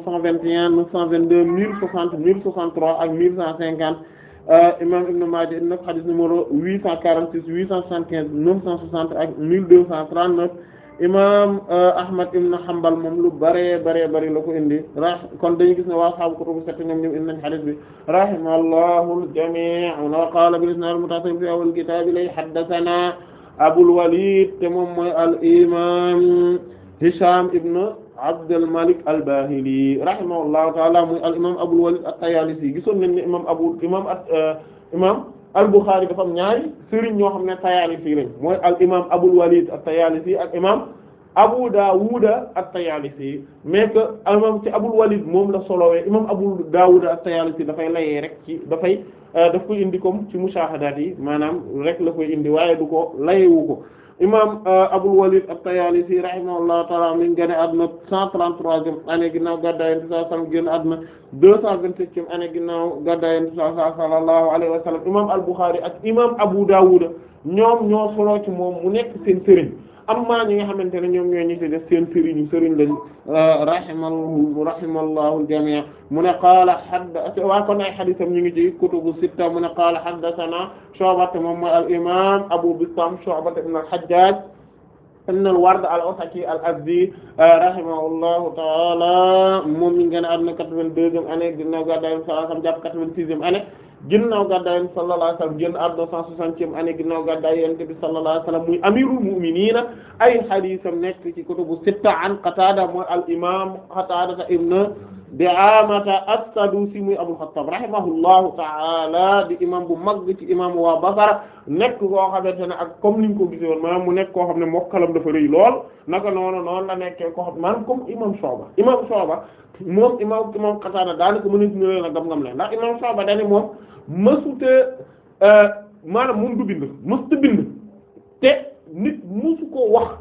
[SPEAKER 2] 872 921 922 1060 1063 ak 1150 euh, imam Ibn Maaja in na ko xadis numéro 846 875 960 ak 1239 imam euh, Ahmad ibn Hanbal moom lu bare bare bari la ko indi ra kon dañu gis ne waa ashaabu kutubu sitta ñoom ñoom indi nañ hadith bi rahimallahu al-jami' wa qala bil isnad al-muttasil fi awwal kitab ilay Abul Walid te moom mooy al imaam Hisham ibn Abdul Malik al-Bahili rahimahullahu ta'ala muy al imaam Abul Walid at-Tayalisi gisoon nañ ne imaam Abul imaam at uh, imaam al-Bukhari dafa am ñaari sëriñ ñoo xam ne Tayalisi lañ mooy al imaam abu Walid at-Tayalisi ak imaam Abu Dawuda at-Tayalisi mais que imaam ci Abul Walid moom la solowee imaam Abu Dawuda at-Tayalisi dafay layee rek ci dafay. Euh, daf koy indi comme ci mushahadaat yi maanaam rek la koy indi waaye du ko layewu ko imam euh, Abul Walid at-Tayalisi rahimahullahu ta'ala mi ngi génn àdduna 133e année ginnaaw gàddaay Yonent sallallahu alayhi wa sallam génn àdduna 227e année ginnaaw gàddaay Yonent sallallahu alayhi wa sallam imam al-Bukhari ak imam Abu Dawud ñoom ñoo solo ci moom mu nekk seen sëriñ amma ñi nga xamante ne ñoom ñoo ñi ci def seen sëriñu sëriñ lañ euh, rahimallahu rahimallahu jamii mu ne qaala hadd waa kon ay hadisam ñu ngi ci kutubu sitta mu ne qaala haddathana Shu'ba moom mooy al imam Abu Bistam Shu'ba ibn al-Hajjaj ibn al-Ward al-Ataki al-Azdi euh, rahimahullahu ta'ala moom mi ngi génn àdduna 82e année ginnaaw gàddaay Yonent bi sallallahu alayhi wasallam jàpp 86e année ginnaaw gàddaay yonent sallallahu alayhi wa sallam génn àdduna cent soixantième année ginnaaw gàddaay yonent bi sallallahu alayhi wa sallam muy amirul mu'miniina ay xadiisam nekk ci kutubu sitta an Qataada mooy al imaam Qataada ibn Di'aamata as-Sadusi muy Abul Xattaab rahimahullahu ta'ala di imam bu mag ci imam waa Basra nekk koo xamante ne ak comme niñ ko gisee woon maanaam mu nekk koo xam ne mokkalam dafa rëy lool naka noonu noonu la nekkee koo xam maanaam comme imam Shu'ba imam Shu'ba moom imam imam Qataada daanaka mën a dina leen a gam-gam leen ndax imam Shu'ba dañu moom. mësute euh, maanaam moom du bind mësut bind te nit mësu ko wax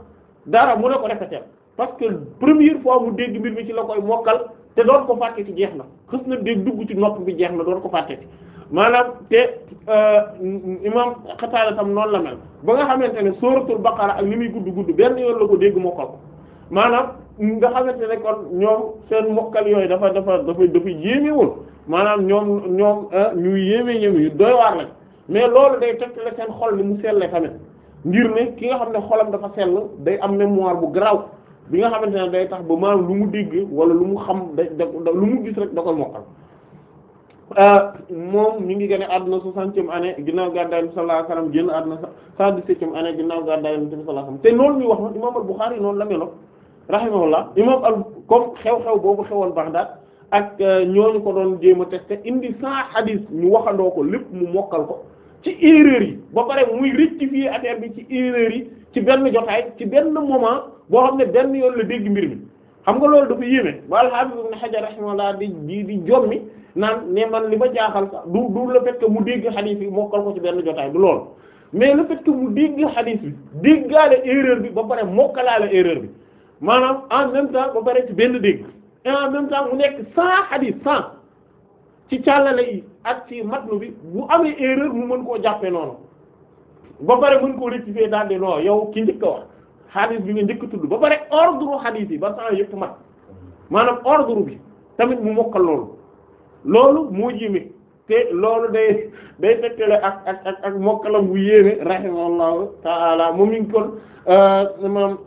[SPEAKER 2] dara mu ne ko répéter parce que première fois mu dégg mbir mi ci la koy mokkal te doon ko fàtte ci jeex na xës na dégg dugg ci nopp bi jeex na doon ko fàtte ci maanaam te euh, imam Xataada tam noon la mel ba nga xamante ne sóoratul Baqara ak li muy gudd gudd benn yoon la ko dégg mokkal ko maanaam nga xamante ne kon ñoom seen mokkal yooyu dafa dafa dafay dafay maanaam ñoom ñoom ah, ñu yéeme yéeme yu doy waar lañ mais loolu day teg la seen xol ni mu selle tamit ngir ne ki nga xam ne xolam dafa sell day am mémoire bu garaaw bi nga xamante ne day tax ba maanaam lu mu dégg wala lu mu xam day lu mu gis rek da koy mokkal ah, moom mi ngi gën a àdduna soixantième année ginnaaw gàddaay bi sallallahu alayhi wasallam génn àdduna cent dix-septième année ginnaaw gàddaay bi sallallahu alayhi wasallam te loolu ñuy wax na imaam al Bukhari noonu la melo rahimahullah imaam al comme xew-xew boobu xewoon Baghdad ak euh, ñooñu ko doon jéem a tester indi cent hadis ñu waxandoo ko lépp mu mokkal ko ci erreur yi ba pare muy rectifier affaire bi ci erreur yi ci benn jotaay ci benn moment boo xam ne benn yoon la dégg mbir mi xam nga loolu dafa yéeme ba al-Hafiz Ibn Hajar rahimahullah di di di jommi naan ne man li ma jaaxal sax du du le fait que mu dégg hadis bi mokkal ko ci benn jotaay du lool mais le fait que mu dégg hadis bi déggaale erreur bi ba pare mokkalaale erreur bi maanaam en même temps ba pare ci benn dégg. et en même temps nekk cent hadith cent ci càllale yi ak ci matnu bi bu amee erreur mu mën koo jàppee noonu ba pare mën koo rectifier daal di non yow ki njëkk a wax bi nga njëkk tudd ba pare ordre hadith ba cent yëpp mat maanaam ordre bi tamit mu mokkal loolu loolu moo jéemee te loolu day day tegtale ak ak ak mokkalam bu yéeme rahimahullahu ta'ala moom mi kon euh, maanaam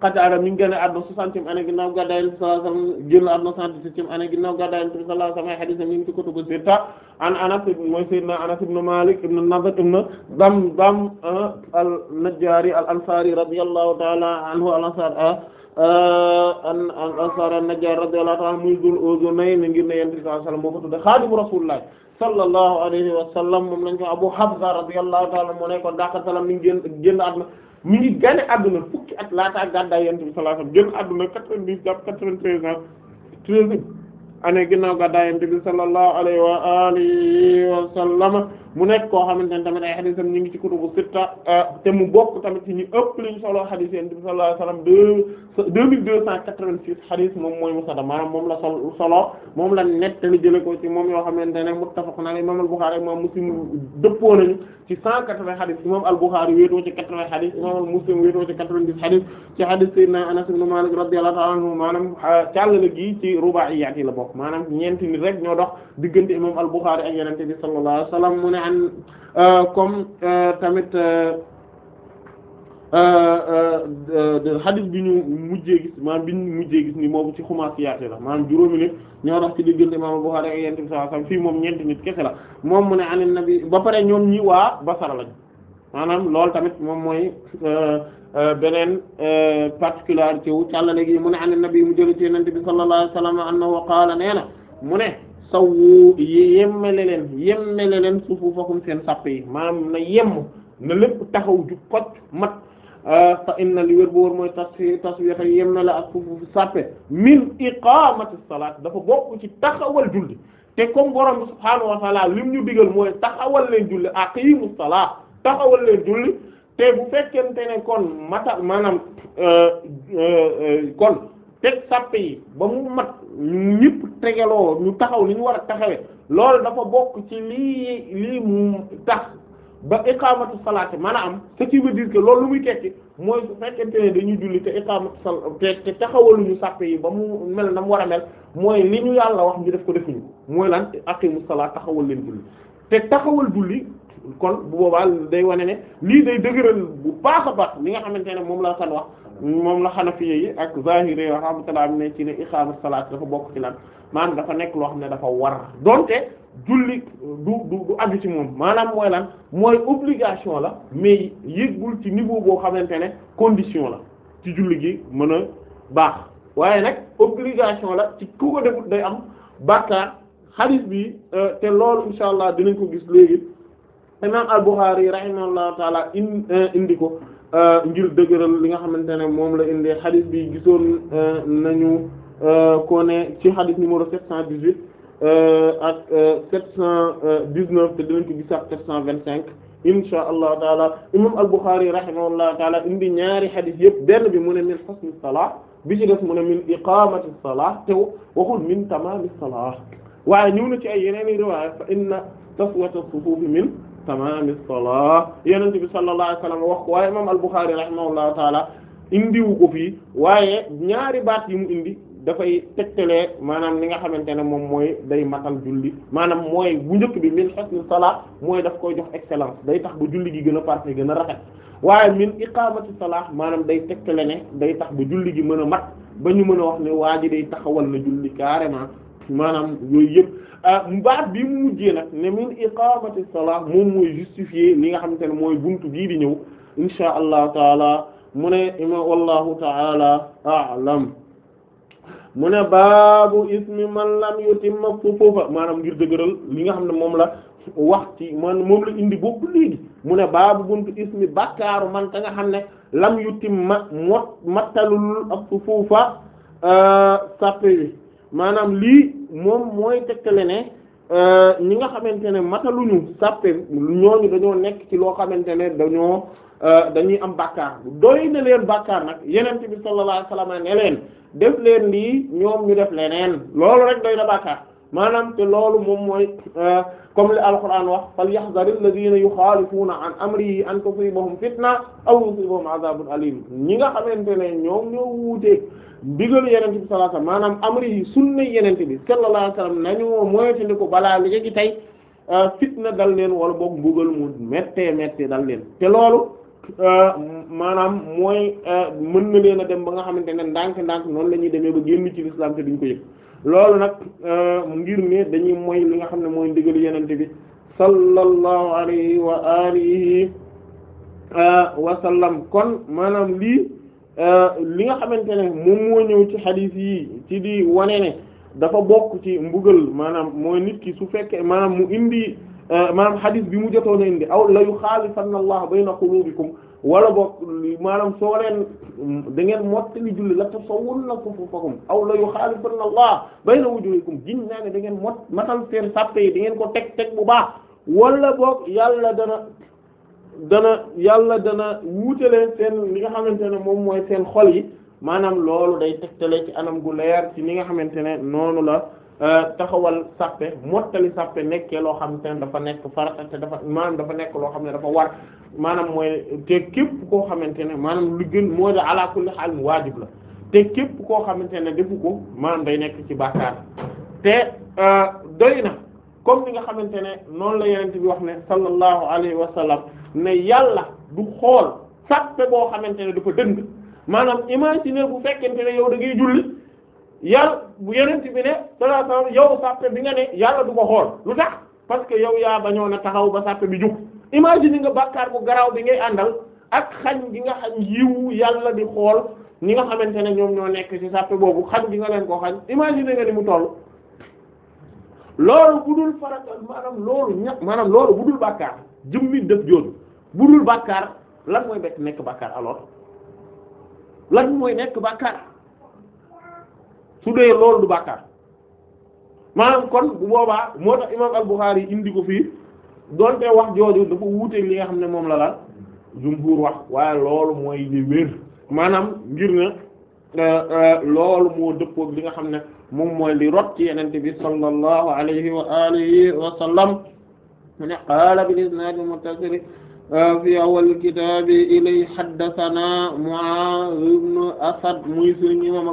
[SPEAKER 2] Qataada mi ngi génn àdduna soixantième année ginnaaw gàddaay Yonent bi sallallahu alayhi wasallam génn àdduna soixante-septième année ginnaaw gàddaay Yonent bi sallallahu alayhi wasallam ay hadiis mi ngi ci kutubu sitta an Anas mooy Sayyidina Anas ibn Malik ibn Nadr ibn Damdam ah, al-Najjari al-Ansari radiyallahu ta'ala anhu al-Ansari ah, ah, an-Najjari radiyallahu ta'ala muy Dhul Udhunayn ngir ne Yonent bi sallallahu alayhi wasallam moo ko tudde xaadimu Rasulullah sallallahu alayhi wa sallam moom lañ ko Abu Hafsa radiyallahu ta'ala moo nekkoon daqatalam mi ngi génn àdduna mi ngi gane àdduna fukki at laataa gàddaay yonent bi sallallahu alayhi wasallam génn àdduna quatre-vingt-dix jàpp quatre bi sallallahu alayhi wa alihi wa mu nekk koo xamante ne tamit ay xadisam ñu ngi ci kutubu sitta euh, te mu bokk tamit ci ñu ëpp li solo xadis yonent bi sallallahu alayhi moom mooy musnad maanaam moom la solo moom la nettali jële ko ci moom yoo xamante ne muttafaqun alayhi imam al-Bukhari Muslim dëppoo nañu ci cent quatre-vingts xadis imam al-Bukhari wéetoo ci quatre-vingts xadis imam Muslim wéetoo ci quatre-vingt-dix ci xadis sayyidina Anas ibn Malik radiyallahu ta'ala anhu maanaam euh, càllale maanaam ñeenti nit rek ñoo dox an euh, comme euh, tamit euh, hadith bi ñu mujjee gis maanaam bi ñu mujjee gis ni moobu ci xumaasiyaate la maanaam juróomi nit ñoo tax ci diggante imaam Bukhari ak yent bi sallallahu alayhi wasallam fii moom ñeenti nit kese la moom mu ne an nabi ba pare ñoom ñi waa Basra lañ maanaam loolu tamit moom mooy beneen particularité wu càllale gi mu ne an nabi mu jël ci yonent bi sallallahu alayhi wasallam annahu qaala nee na mu ne sawu yemmele leen yemmele leen sufuufahum seen sàpp yi maanaam na yemm na lépp taxaw ju pocc mat euh, fa inna li wér bu wër mooy tas taswiyata yemmele ak sufuufu sàppe min iqamati salaat dafa bokk ci taxawal julli te comme borom bi subhaanahu wa lim ñu digal mooy taxawal leen julli aqiimu salaat taxawal leen julli te bu fekkente ne kon mata maanaam euh, euh, kon teg sàppe yi ba mu mat ñu ñëpp tegeloo ñu taxaw li ñu war a taxawee loolu dafa bokk ci lii lii mu tax ba iqamatu salaati mën a am ce qui veut dire loolu lu muy tekki mooy su fekkente ne dañuy julli te iqamatu sal te taxawaluñu sàppe yi ba mu mel na mu war a mel mooy li ñu yàlla wax ñu def ko defuñu mooy lan aqimu salaat taxawal leen julli te taxawal julli kon bu boobaa day wane ne lii day dëgëral bu baax a baax li nga xamante ne moom laa san wax moom la xanafiye yi ak zahiri yi rahmatullah ne ci ne iqaamu salaat dafa bokk ci lan maanaam dafa nekk loo xam ne dafa war donte julli du du du àgg ci moom maanaam mooy lan mooy obligation la mais yëggul ci niveau boo xamante ne condition la ci julli gi mën a baax waaye nag obligation la ci ku ko defut day am bàkkaar xadis bi euh, te loolu insha allah dinañ ko gis léegi imam yi bukhari rahimahullahu taala in euh, indi ko Euh, ngir dëgëral li nga xamante ne moom la indi xadis bi gisoon euh, nañu euh, ko ne ci xadis numéro 718 ak 719 te dinañ ko gisaat 725 insha allahu taala imam al-Bukhari rahimahullahu taala indi ñaari xadis yëpp benn bi mu ne min husni salah bi ci def mu ne min iqamati salah te waxul min tamami salah waaye ñëw na ci ay yeneen i riwaaya fa inna taswata sufufi min tamaami salaa yonent bi sallallahu alayhi wa wax ko waaye imaam al-Bukhari rahimahullahu taala indiwu ko fii waaye ñaari baat yi mu indi dafay tegtalee maanaam li nga xamante ne moom mooy day matal julli maanaam mooy bu njëkk bi min husni salaa mooy daf koy jox excellence day tax ba julli gi gën a parfait gën a rafet waaye min iqamati salaa maanaam day tegtele ne day tax ba julli gi mën a mat ba ñu mën a wax ne waa ji day taxawal na julli carrément maanaam yooyu yëpp ah, mbaat bi mu mujjee nag ne min iqamati salat moom mooy justifier li nga xamante ne mooy buntu bii di ñëw insha allahu taala mu ne ima taala a'lam mu ne baabu ismi man lam yutimma sufufa maanaam ngir dëgëral li nga xam ne moom la wax ci man moom la indi bopp léegi mu ne baabu buntu ismi bakkaaru man ka xam ne lam yutimma mot mattalul ak maanaam lii moom mooy tegtale ne euh, ñi nga xamante ne mataluñu sàppe ñooñu dañoo nekk ci loo xamante ne dañoo euh, dañuy am bàkkaar doy na leen bàkkaar nag yeneen bi sallallahu alayhi wasallam ne leen def leen lii ñoom ñu def leneen loolu rek doy na bàkkaar maanaam te loolu moom mooy euh, comme li alquran wax fal yaxdari alladina yuxaalifuuna an amrihi an tusibahum fitna aw yusibahum azabun alim ñi nga xamante ne ñoom ñoo wuutee ndigalu yenente bi sallallahu alayhi wasallam maanaam amri yi sunna yenente bi sallallahu alayhi wasallam nañoo moytandi ko balaa li ci tey euh, fitna dal leen wala boog mbugal mu méttee méttee dal leen te loolu euh, maanaam mooy euh, mën na leen a dem ba nga xamante ne ndànk ndànk noonu la ñuy demee ba génn ci l'islam te duñ ko yëg loolu nag euh, ngir ne dañuy moy li nga xam ne mooy ndigalu yenente bi sallallahu alayhi wa alihi euh, wa sallam kon maanaam lii euh, li nga xamante ne moom moo ñëw ci xadiis yi ci di wane ne dafa bokk ci mbugal maanaam mooy nit ki su fekkee maanaam mu indi maanaam xadiis bi mu jotoon a indi aw la yuxaalifanna allah bayna qulubikum wala boog maanaam soo leen da ngeen mottali julli la tusawwunna sufufakum aw la yu yukhalifanna Allah na wujuhikum giñ naa ne da ngeen mot matal seen sàppe yi da ngeen ko teg teg bu baax wala boog yàlla dana dana yàlla dana wuutale seen li nga xamante ne moom mooy seen xol yi maanaam loolu day tegtale ci anam gu leer ci ni nga xamante ne noonu la euh, taxawal sàppe mottali sàppe nekkee loo xam xamante ne dafa nekk farata te dafa maanaam dafa nekk loo xam ne dafa war maanaam mooy te képp koo xamante ne maanaam lu gën moo da ala kulli xaal mu waajib la te képp koo xamante ne defu ko maanaam day nekk ci bàkkaar te euh, doy na comme ni nga xamante ne noonu la yenente bi wax ne sallallahu alayhi sa la ne yàlla du xool sàppe boo xamante ne dafa dëng maanaam imaginer bu fekkente ne yow da ngay julli yàlla bu yenent bi ne sallallahu yow sàppe bi nga ne yàlla du ko xool lu tax parce que yow yaa bañoon na taxaw ba sàppe bi jug imagine nga bàkkaar bu garaaw bi ngay àndal ak xañ gi nga xañ yiw yàlla di xool ñi nga xamante ne ñoom ñoo nekk ci sàppe boobu xañ gi nga leen ko xañ imagine nga ni mu toll loolu bu dul farata maanaam loolu ña maanaam loolu bu dul bàkkaar jëmmi def jooju bu dul bàkkaar lan mooy bekk nekk bàkkaar alors lan mooy nekk bàkkaar su dee loolu du bàkkaar maanaam kon bu boobaa moo tax imaam al yi indi ko fii donte wax jooju dafa wuuteeg li nga xam ne moom la la jumhur wax waaye lool mooy li wér maanaam ngir ne euh, euh, loolu moo dëppoog li nga xam ne moom mooy li rot ci yenente bi sallallahu alayhi wa alihi wa sallam mu ne qaala bil isnaad muttasil euh, fi awwal kitaabi ilay haddathana Mu'aaz ibn Asad muy sëriñ imaam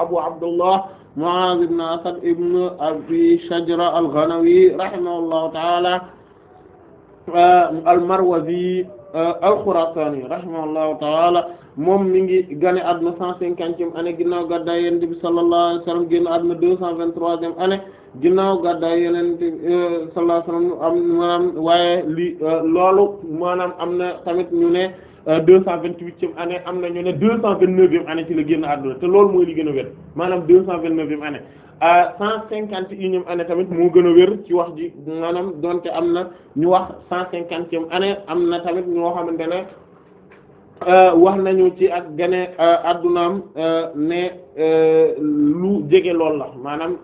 [SPEAKER 2] Abu Abdullah Mu'aaz Asad ibn Abi Shajra al-Ghanawi rahimahullahu ta'ala Euh, al-Marwazi euh, al-Khurasani rahimahullahu ta'ala moom mi ngi gane àdduna cent cinquantième année ginnaaw gàddaay Yonent bi sallallahu alayhi wa sallam génn àdduna deux cent vingt-troisième année ginnaaw gàddaay Yonent bi euh, sallallahu alayhi wa sallam am maanaam waaye li loolu maanaam am na tamit ñu ne deux cent vingt-huitième année am na ñu ne deux cent vingt-neuvième année ci la génn àdduna te lool mooy li gën a deux cent vingt-neuvième année Euh, cent cinquante et unième année tamit moo gën a wér ci wax ji maanaam donte am na ñu wax cent cinquantième année am na tamit ñoo xamante ne euh, wax nañu ci ak gane euh, addunaam ne lu jege lool la maanaam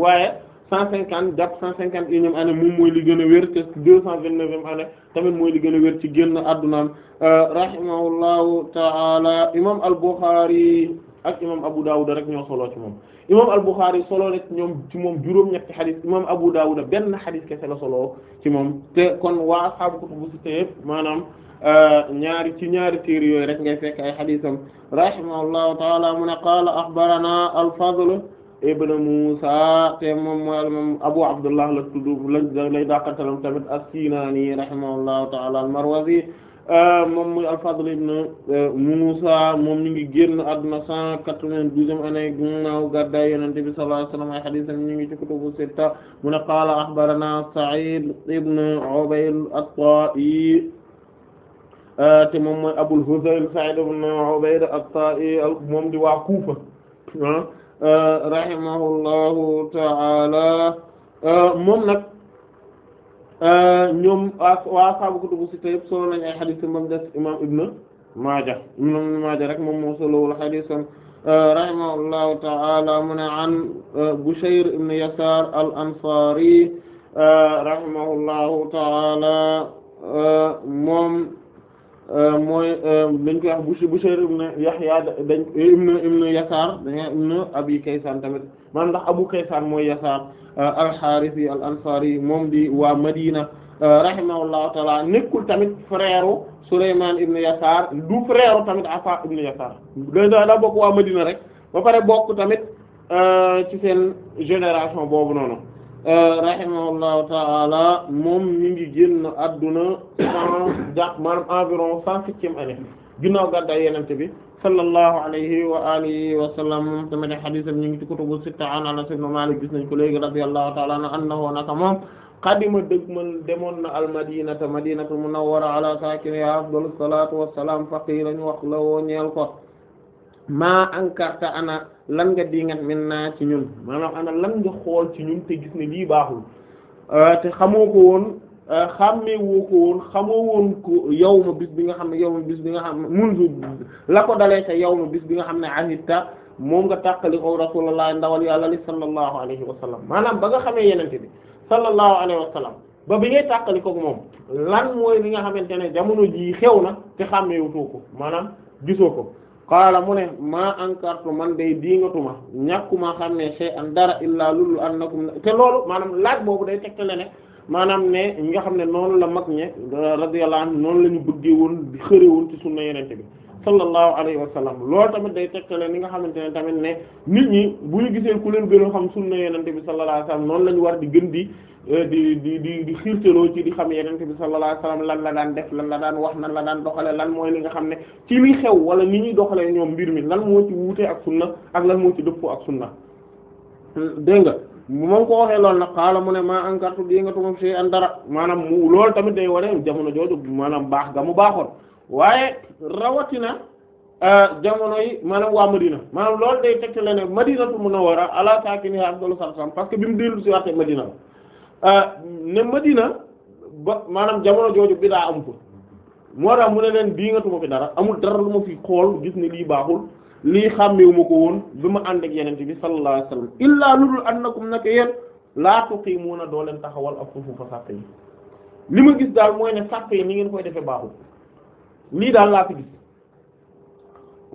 [SPEAKER 2] waaye cent cinquante jàpp cent cinquante et unième année moom mooy li gën a wér te deux mooy li gën a wér ci génn addunaam rahimahullahu ta'ala imam al-Bukhari ak imam Abu Dawud rek ñoo solo ci moom imam al-Bukhari solo na ñoom ci moom juróom-ñetti xadis imam Abu Dawud benn xadis kese la solo ci moom te kon waa ashaabu kutubu sitta yëpp maanaam euh, ñaari ci ñaari téere yooyu rek ngay fekk ay xadisam rahimahullahu taala mu ne qaala axbarana al-Fadl ibn Musa te moom mooy moom Abu Abdullah la tudd lay dàqantalam tamit as-Sinaani rahimahullahu taala al-Marwazi Euh, moom muy al-Fadl ibn euh, Musa moom mi ngi génn àdduna cent quatre-vingt-douzième année ginnaaw gàddaay Yonent bi sallallahu alayhi wa sallam ay hadiisam ñu ngi ci kutubu sitta mu ne qaala axbaranaa Sa'iid ibn Ubayd at-Taa'i euh, te moom mooy Abul Hudayl Sa'iid ibn Ubayd at-Taa'i moom di waa Kuufa ah, rahimahullahu ta'ala moom nag Euh, ñoom waa saabu kutubu sitta yëpp solo nañ ay xadis moom des imam Ibn Maaja Ibn Maaja rek moom moo solowul xadisam euh, rahimahullahu ta'ala mu ne an euh, Bushayr ibn Yasar al-Ansari rahimahullahu ta'ala moom mooy koy wax Bushayr ibn Yahya dañ ibn ibn Yasar dañ ibn Abi Kaysan tamit maanaam ndax Abu Kaysan mooy Yasar al-Harith al ansari moom di waa Madina euh, rahimahullahu taala nekkul tamit frère u ibn Yasaar du frère tamit Afa ibn Yasaar da daa bokk waa Madina rek ba pare bokk tamit euh, ci seen génération boobu noonu euh, rahimahullahu taala moom mi ngi génn adduna cent jàpp maanaam environ cent septième année ginnaaw gàddaay yenente bi sallallahu alayhi wa alihi wa sallam moom tamit xadisam ñu ngi ci kutubu sitta an Anas ibn Malik gis nañ ko léegi radiyallahu ta'ala anhu annahu naka moom qadima dëgmal demoon na almadinata madinatul munawwara ala saakinihaa afdalu salaatu wassalaam faqiila ñu wax la woo ñeel ko maa ankarta ana lan nga dingat min naa ci ñun maanaam ana lan nga xool ci ñun te gis ne lii baaxul te xamoo ko woon Euh, xàmmee woo ko woon xamoo woon ko yow ma bis bi nga xam ne yow ma bis bi nga xam ne munzu la ko dalee yow ma bis bi nga xam ne ahita moom nga tàqali ko rasulullah ndawal yàlla li sallallahu alayhi wa maanaam ba nga xamee yenente bi sallallahu alayhi wa sallam ba bi ngay tàqali ko moom lan mooy li nga xamante ne jamono jii xew na te xàmmee wutoo ko maanaam gisoo ko qaala mu ne maa ankartu man day diingatuma ñàkkuma xam ne shay'an dara illaa lulu annakum te loolu maanaam laaj boobu day tegtale ne maanaam ne ñi nga xam ne noonu la mag ñe radiyallahu anhu noonu la ñu bëggee woon di xëre woon ci sunna yeneen bi sallallahu alayhi wa sallam loolu tamit day tegtale ni nga xamante ne tamit ne nit ñi bu ñu gisee ku leen gën xam sunna yeneen bi sallallahu alayhi wa sallam noonu la ñu war di gën di euh, di di di di xiirtaloo di xam yeneen bi sallallahu alayhi wa lan la daan def lan la daan wax na la daan doxale lan mooy li nga xam ne ci li xew wala ni ñuy doxale ñoom mbir mi lan moo ci wuute ak sunna ak lan moo ci dëppoo ak sunna dégg nga moom ko waxee loolu nag xaala mu ne maa ankartu dii nga tumam si an dara maanaam mu loolu tamit day wane jamono jooju maanaam baax ga mu baaxoon waaye rawatina euh, jamono yi maanaam waa Madina maanaam loolu day leen tegte le mun a Munawwara ala saakini afdalu salaam parce que bi mu dellu si waxte Madina la euh, ne Madina ba maanaam jamono jooju bi daa am ko moo mu ne leen dii nga tuma fi dara amul dara lu ma fi xool gis ne lii baaxul lii xàmmewu ma ko woon bi ma ànd ak yeneen bi sallallahu alayhi wa sallam illaa ludul annakum nag yéen laa tuqimuuna doo leen taxawal ak fufufa sàpp yi li ma gis daal mooy ne sàpp yi ni ngeen koy defee baaxul lii daal laa fi gis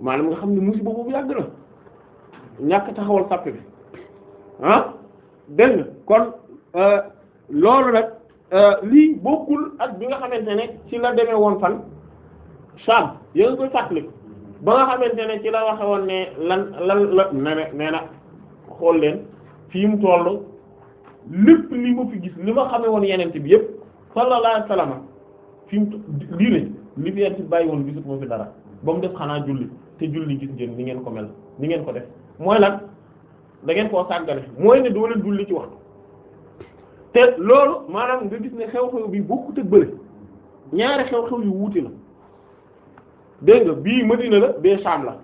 [SPEAKER 2] maanaam nga xam ne musiba boobu yàgg na ñàkk taxawal sàpp bi ah dégg kon euh, loolu nag euh, lii bokkul ak bi nga xamante ne ci la demee woon fan Sham yaa ngi koy fàttaliku ba nga xamante ne ci la waxe woon ne lan lan la nene nee na xool leen fii mu toll lépp li ma fi gis li ma xame woon yenente bi yëpp sallallahu alayhi wasallam fi mu lii ne li fi yenente bi bàyyi woon gisut moo fi dara ba mu def xanaa julli te julli gis ngeen ni ngeen ko mel ni ngeen ko def mooy lan dangeen ngeen koo sàggale mooy ne doole leen julli ci wax te loolu maanaam nga gis ne xew-xew bi bokkut ak bële ñaari xew-xew yu wuute la dégg nga bii Madina la bee Sham la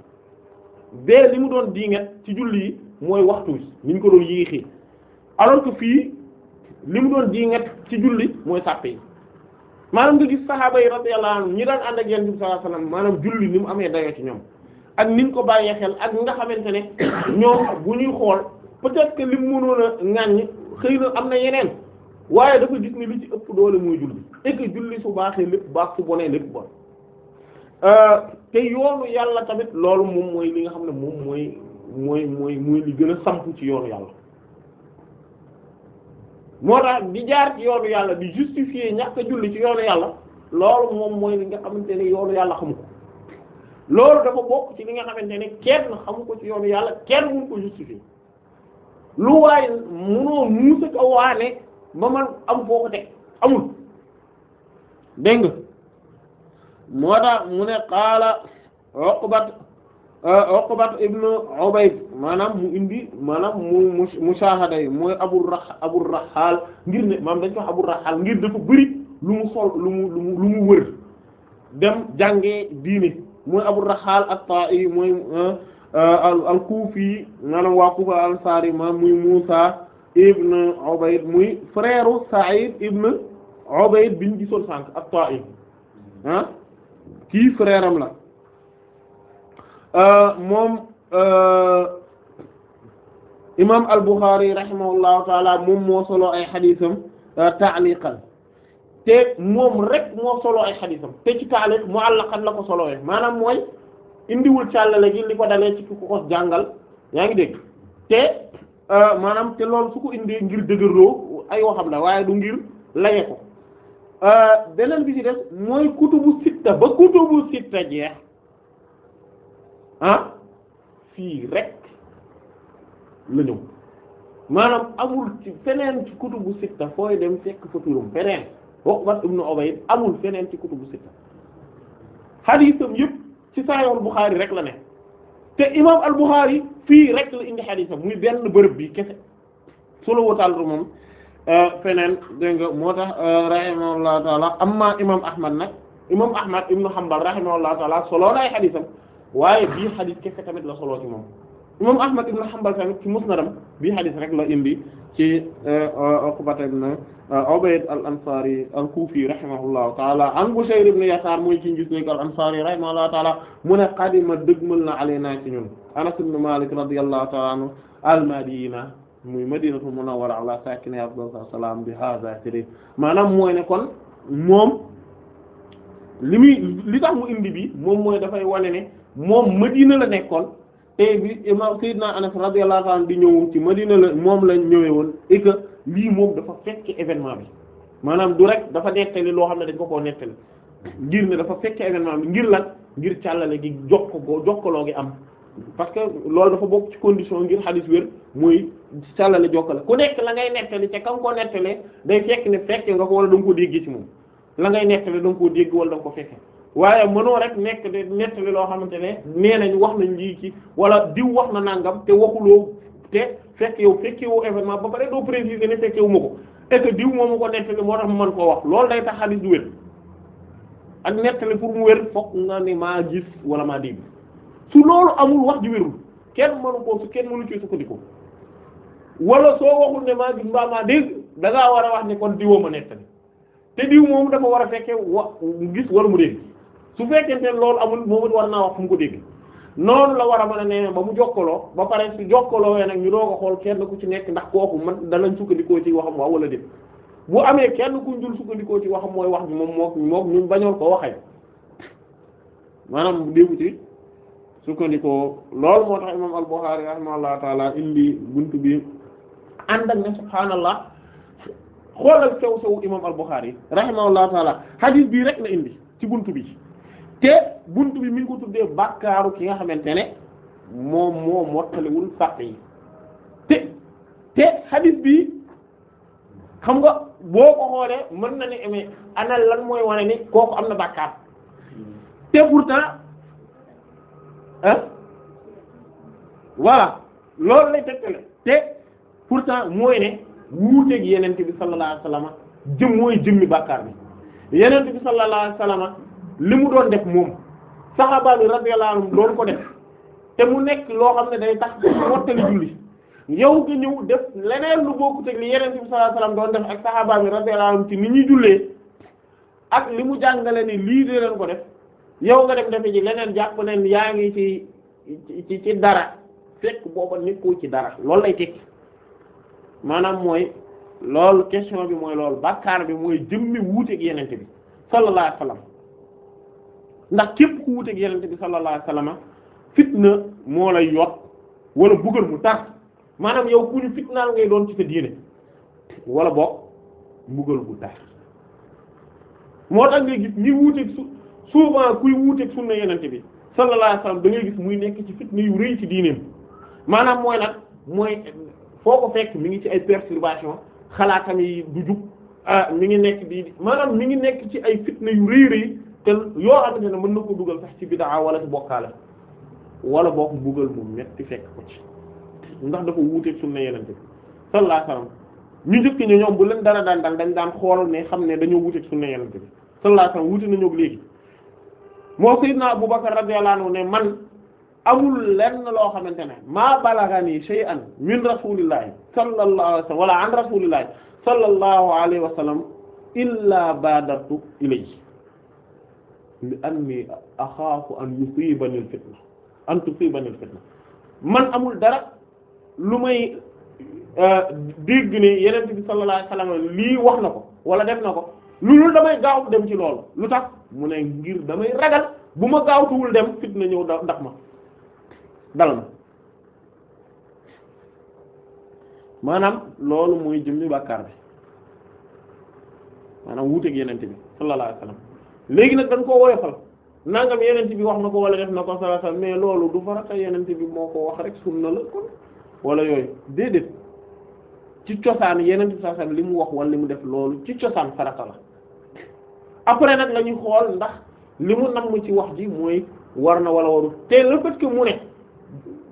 [SPEAKER 2] bee li mu doon diinget ci julli yi mooy waxtu wi ni ñu ko doon yéexee alors que fii li mu doon diinget ci julli mooy sàppe yi maanaam nga gis sahaaba yi radiyallahu ñi daan ànd ak yonent bi sallallahu alayhi wasallam maanaam julli ni mu amee dayoo ci ñoom ak ni ñu ko bàyyee xel ak nga xamante ne ñoom bu ñuy xool peut-être que li mu mënoon a ŋàññ xëy na am na yeneen waaye dafa gis ni li ci ëpp doole mooy julli et que julli su baaxee lépp baax su bonee lépp bon Euh, te yoonu yàlla tamit loolu moom mooy li nga xam ne moom mooy mooy mooy mooy li gën a sampu ci yoonu yàlla moo tax di jaar ci yoonu yàlla di justifier ñàkk a julli ci yoonu yàlla loolu moom mooy li nga xamante ne yoonu yàlla xamu ko loolu dafa bokk ci li nga xamante ne kenn xamu ko ci yoonu yàlla kenn mun ko justifier lu waaye munoo muusa ko waane ba man am foo te amul dégg nga moo tax mu ne qaala maanaam euh, maanaam mu mushahada yi abu abu raxaal ngir ne maanaam dañ ko abu raxaal ngir dafa bëri lu mu xool lu mu lu mu lu mu wër dem jàngee diine mooy abu raxaal at-Ta'i mooy euh, euh, al kuufi maanaam waa al-Ansari maanaam muy Musa ibn Ubayd muy frère Sa'id ibn Ubayd biñ gisoon sànq at-Ta'i ah. kii frère la euh, moom euh, imam al-Bukhari rahimahullahu taala moom moo solo ay xadisam euh, taaliqan te moom rek moo solo ay xadisam te ci taaliq mu'allaqan la ko solowee maanaam mooy indiwul càllale gi li ko dalee ci ku ko jàngal yaa ngi dégg te maanaam te loolu su ko indee ngir dëgërloo ay waxam la waaye du ngir laye Euh, beneen bi ci def mooy kutubu sitta ba kutubu sitta jeex ah fii rek la maanaam amul ci feneen ci kutubu sitta fooy dem fekk fa turam feneen Uqbat ibn Ubayd amul feneen ci kutubu sitta xadiisam yëpp ci Sahih al-Bukhari rek la ne te imaam al-Bukhari fii rek la indi xadiisam muy benn bërëb bi kese solo wataal moom. Euh, feneen dégg nga moo tax euh, rahimahullahu taala amma imam ahmad nag imam ahmad ibnu hanbal rahimahullahu taala soloo naay xadisam waaye bii xadis kese tamit la soloo ci moom imam ahmad ibnu hanbal ci musnadam bii xadis rek la indi ci euh, Uqbata ibn Ubayd al ansari al kufi rahimahullahu taala an Bushayr ibn Yasaar muy ci gis al ansari rahimahullahu taala mu qadima dëgmal na aleyna ci ñun Anas ibn Malik radiyallahu taala anhu al Madina muy madinatul munawwara ala sakine abdal salam bi hada siri maanaam mooy ne moom li muy li tax mu indi bi moom mooy dafay wane ne moom madina la nekkoon te bi imam sayyidina anas radiyallahu anhu di ñëw ci madina la moom lañ ñëwee woon et lii moom dafa fekke événement bi maanaam du rek dafa nettali loo xam ne dañ ko koo nettali ngir ne dafa fekke événement bi ngir lan ngir càllale gi jokk jokkaloo gi am parce que loolu dafa bokk ci condition ngir xadis càllale jokkale ku nekk la ngay nettali ca kam koo nettalee day fekk ne fekke nga ko wala da nga ko dégg ci moom la ngay nettali da nga koo dégg wala da nga ko fekke waaye mënoo rek nekk de loo xamante ne nee nañ wax nañ lii ci wala diw wax na nangam te waxuloo te fekk yow fekke woo ba pare doo préciser ne fekke wu ma ko et que diw moomu ko nettali moo tax mën koo wax loolu day tax xadis du wér ak nettali pour mu wér fokk nga ne maa gis wala maa dégg su loolu amul wax ji wérul kenn mënu koo su kenn mënu ci sukkandiku wala soo waxul ne maa gis mbaa maa dégg da war a wax ni kon diwoo ma nettali te diw moom dafa war a fekkee wa gis wala mu dégg su fekkente loolu amul moom war naa wax fu mu dégg noonu la war a mën a nee ba mu jokkaloo ba pare su jokkaloo nag ñu doog a xool kenn ku ci nekk ndax kooku man danañ sukkandikoo ci waxam waaw wala dégg bu amee kenn kuñ dul sukkandikoo ci waxam mooy wax bi moom moo moom ñun bañoon koo waxee maanaam déggu ci sukkandikoo loolu moo tax imam al-Bukhari rahimahullahu taala indi buntu bi ànd ak ne subhaanallah xoolal sew sewu imam al-Bukhari yi rahimahullahu bii rek la indi ci buntu bi te buntu bi mi ngi ko ki nga xamante ne moom moo mottaliwul sàq te te hadith bi xam nga boo ko xoolee mën na ne amee ana lan mooy wane ni kooku am na bàkkaar te pourtant ah voilà loolu lay tegtale te pour pourtant mooy ne wuuteeg yenente bi sallallahu alayhi wasallam jëm mooy jëmmi bàkkaar bi yenente bi sallallahu alayhi li mu doon def moom saxaaba bi radiyallahu anhum ko def te mu nekk loo xam ne day tax mottali julli yow nga ñëw def leneen lu bokkuteeg li yenente bi sallallahu doon def ak saxaaba bi radiyallahu anhum ci ni ñuy jullee ak li mu jàngale ni lii dee leen ko def yow nga dem defe ci leneen jàpp leen yaa ngi ci ci dara fekk booba nekkoo ci dara loolu lay tekki maanaam mooy loolu question bi mooy lool bàkkaar bi mooy jëmmi wuuteeg yenente bi sallallahu alayhi wa sallam ndax képp ku wuuteeg yenente bi sallallahu alayhi wa sallam fitna moo lay yot wala buggal mu tar maanaam yow ku ñu fitnaal ngay doon ci sa diine wala bo mbugal bu tar moo ta ngay gis ñi wuuteeg su souvent kuy wuuteeg sunna yenente bi sallallahu alayhi wa sallam da gis muy nekk ci fitna yu rëy ci diineem maanaam mooy nag mooy foo ko fekk mi ngi ci ay perturbation xalaatam yi du jub ah, mi ngi nekk di maanaam mi ngi nekk ci ay fitna yu rëy rëy te yoo xamante ne mën na ko dugal sax ci bid'a wala ci bokkaale wala boo ko buggal mu metti fekk ko ci ndax dafa wuuteeg sunna yenente bi sallallahu alayhi wasallam ñu njëkk ñu ñoom bu leen dara daan daan dañ daan xool ne xam ne dañoo wuuteeg sunna yenente bi sallallahu alayhi wasallam wuute nañu ak léegi moo sayyidna Abu Bakr radiyallahu anhu ne man amul lenn loo xamante ne ma balagani shay'an min rasulillahi sallallahu alayhi wa sallam wala an rasulillahi sallallahu alayhi wa sallam illa badartu ilayhi li anni axaafu an yusibani al fitna an tusibani al fitna man amul dara lu may euh, dégg ne yeneen bi sallallahu alayhi wa lii wax na ko wala dem na ko loolu damay gaaw dem ci loolu lu tax mu ne ngir damay ragal bu ma gaawtuwul dem fitna ñëw ndax ma dal na maanaam loolu mooy jëmmi bàkkaar bi maanaam wuuteeg yenent bi sallallahu alayhi wasallam léegi nag dañ koo woyofal nangam yenent bi wax na ko wala def na ko sallallahu alayhi mais loolu du farata yenent bi moo ko wax rek sunna la kon wala yooyu déedéet ci cosaan yenent bi sallallahu alayhi li mu wax wala li mu def loolu ci cosaan farata la après nag la ñuy xool ndax li mu namm ci wax ji mooy war na wala warul te le fait mu ne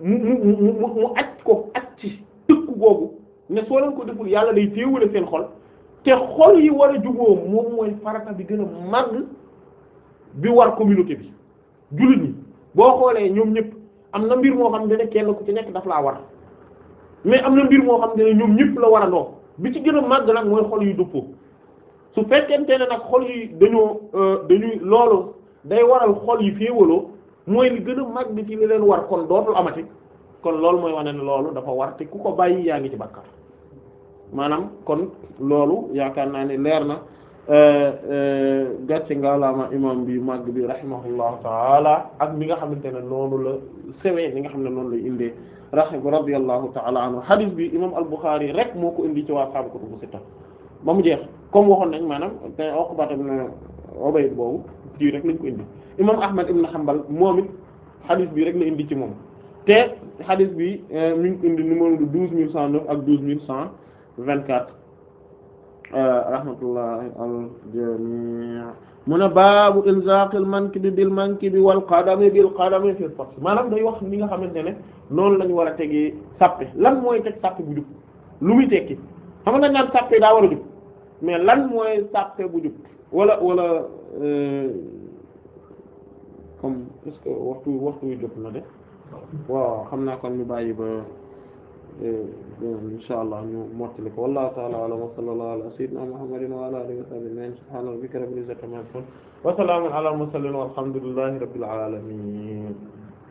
[SPEAKER 2] mu mu mu mu aj ko aj ci tëkk boobu ne soo leen ko deful yàlla day téewale seen xol te xol yi war a juboo moom mooy farata bi gën a màgg bi war communauté bi jullit ñi boo xoolee ñoom ñëpp am na mbir moo xam ne kenn ku ci nekk daf laa war mais am na mbir moo xam ne ñoom ñëpp la war a noo bi ci gën a màgg nag mooy xol yu dëppoo su fekkente ne nag xol yi dañoo euh, dañuy loolu day waral xol yi féewaloo mooy li gën mag bi ci li leen war kon dootul amati kon loolu mooy wane ne loolu dafa war te ku ko bàyyi yaa ngi ci bàkkaar maanaam kon loolu yaakaar naa ni leer na euh, euh, gàcce ngaalaama imam bi màgg bi rahimahullahu taala ak mi nga xamante ne noonu la sewee li nga xam ne noonu lay indee rahim radiyallahu taala anhu hadith bi imam al-Bukhari rek moo ko indi ci waa saabu kutubu sitta ba mu jeex comme waxoon nañ maanaam te Uqbata ibn Ubayd boobu kii rek imam Ahmad ibn Hanbal moom it xadis bi rek la indi ci moom te xadis bi euh, mi indi numéro bi douze mille cent neuf ak douze mille cent vingt quatre euh, rahmatullahi al jami mu ne baabu ilzaqil mankibi bil mankibi wal qadami bil qadami fil fath maanaam day wax ni nga xamante ne noonu lañu war a tegee sàppe lan mooy teg sàppe bu jub lu muy tekki xam nga naan sàppe daa war a jub mais lan mooy sàppe bu jub wala wala euh, comme est-ce que waxtu waxtu wi jot na de waaw xam naa kon ñu bàyyi ba e, insha allah ñu mottali ko wallahu ta'ala a'lam wa sallallahu ala sayyidina muhammadin wa ala alihi wa sahbihi ajma'in subhana rabbika rabbil izzati amma yasifun wa salamun ala al mursalin walhamdulillahi rabbil alamin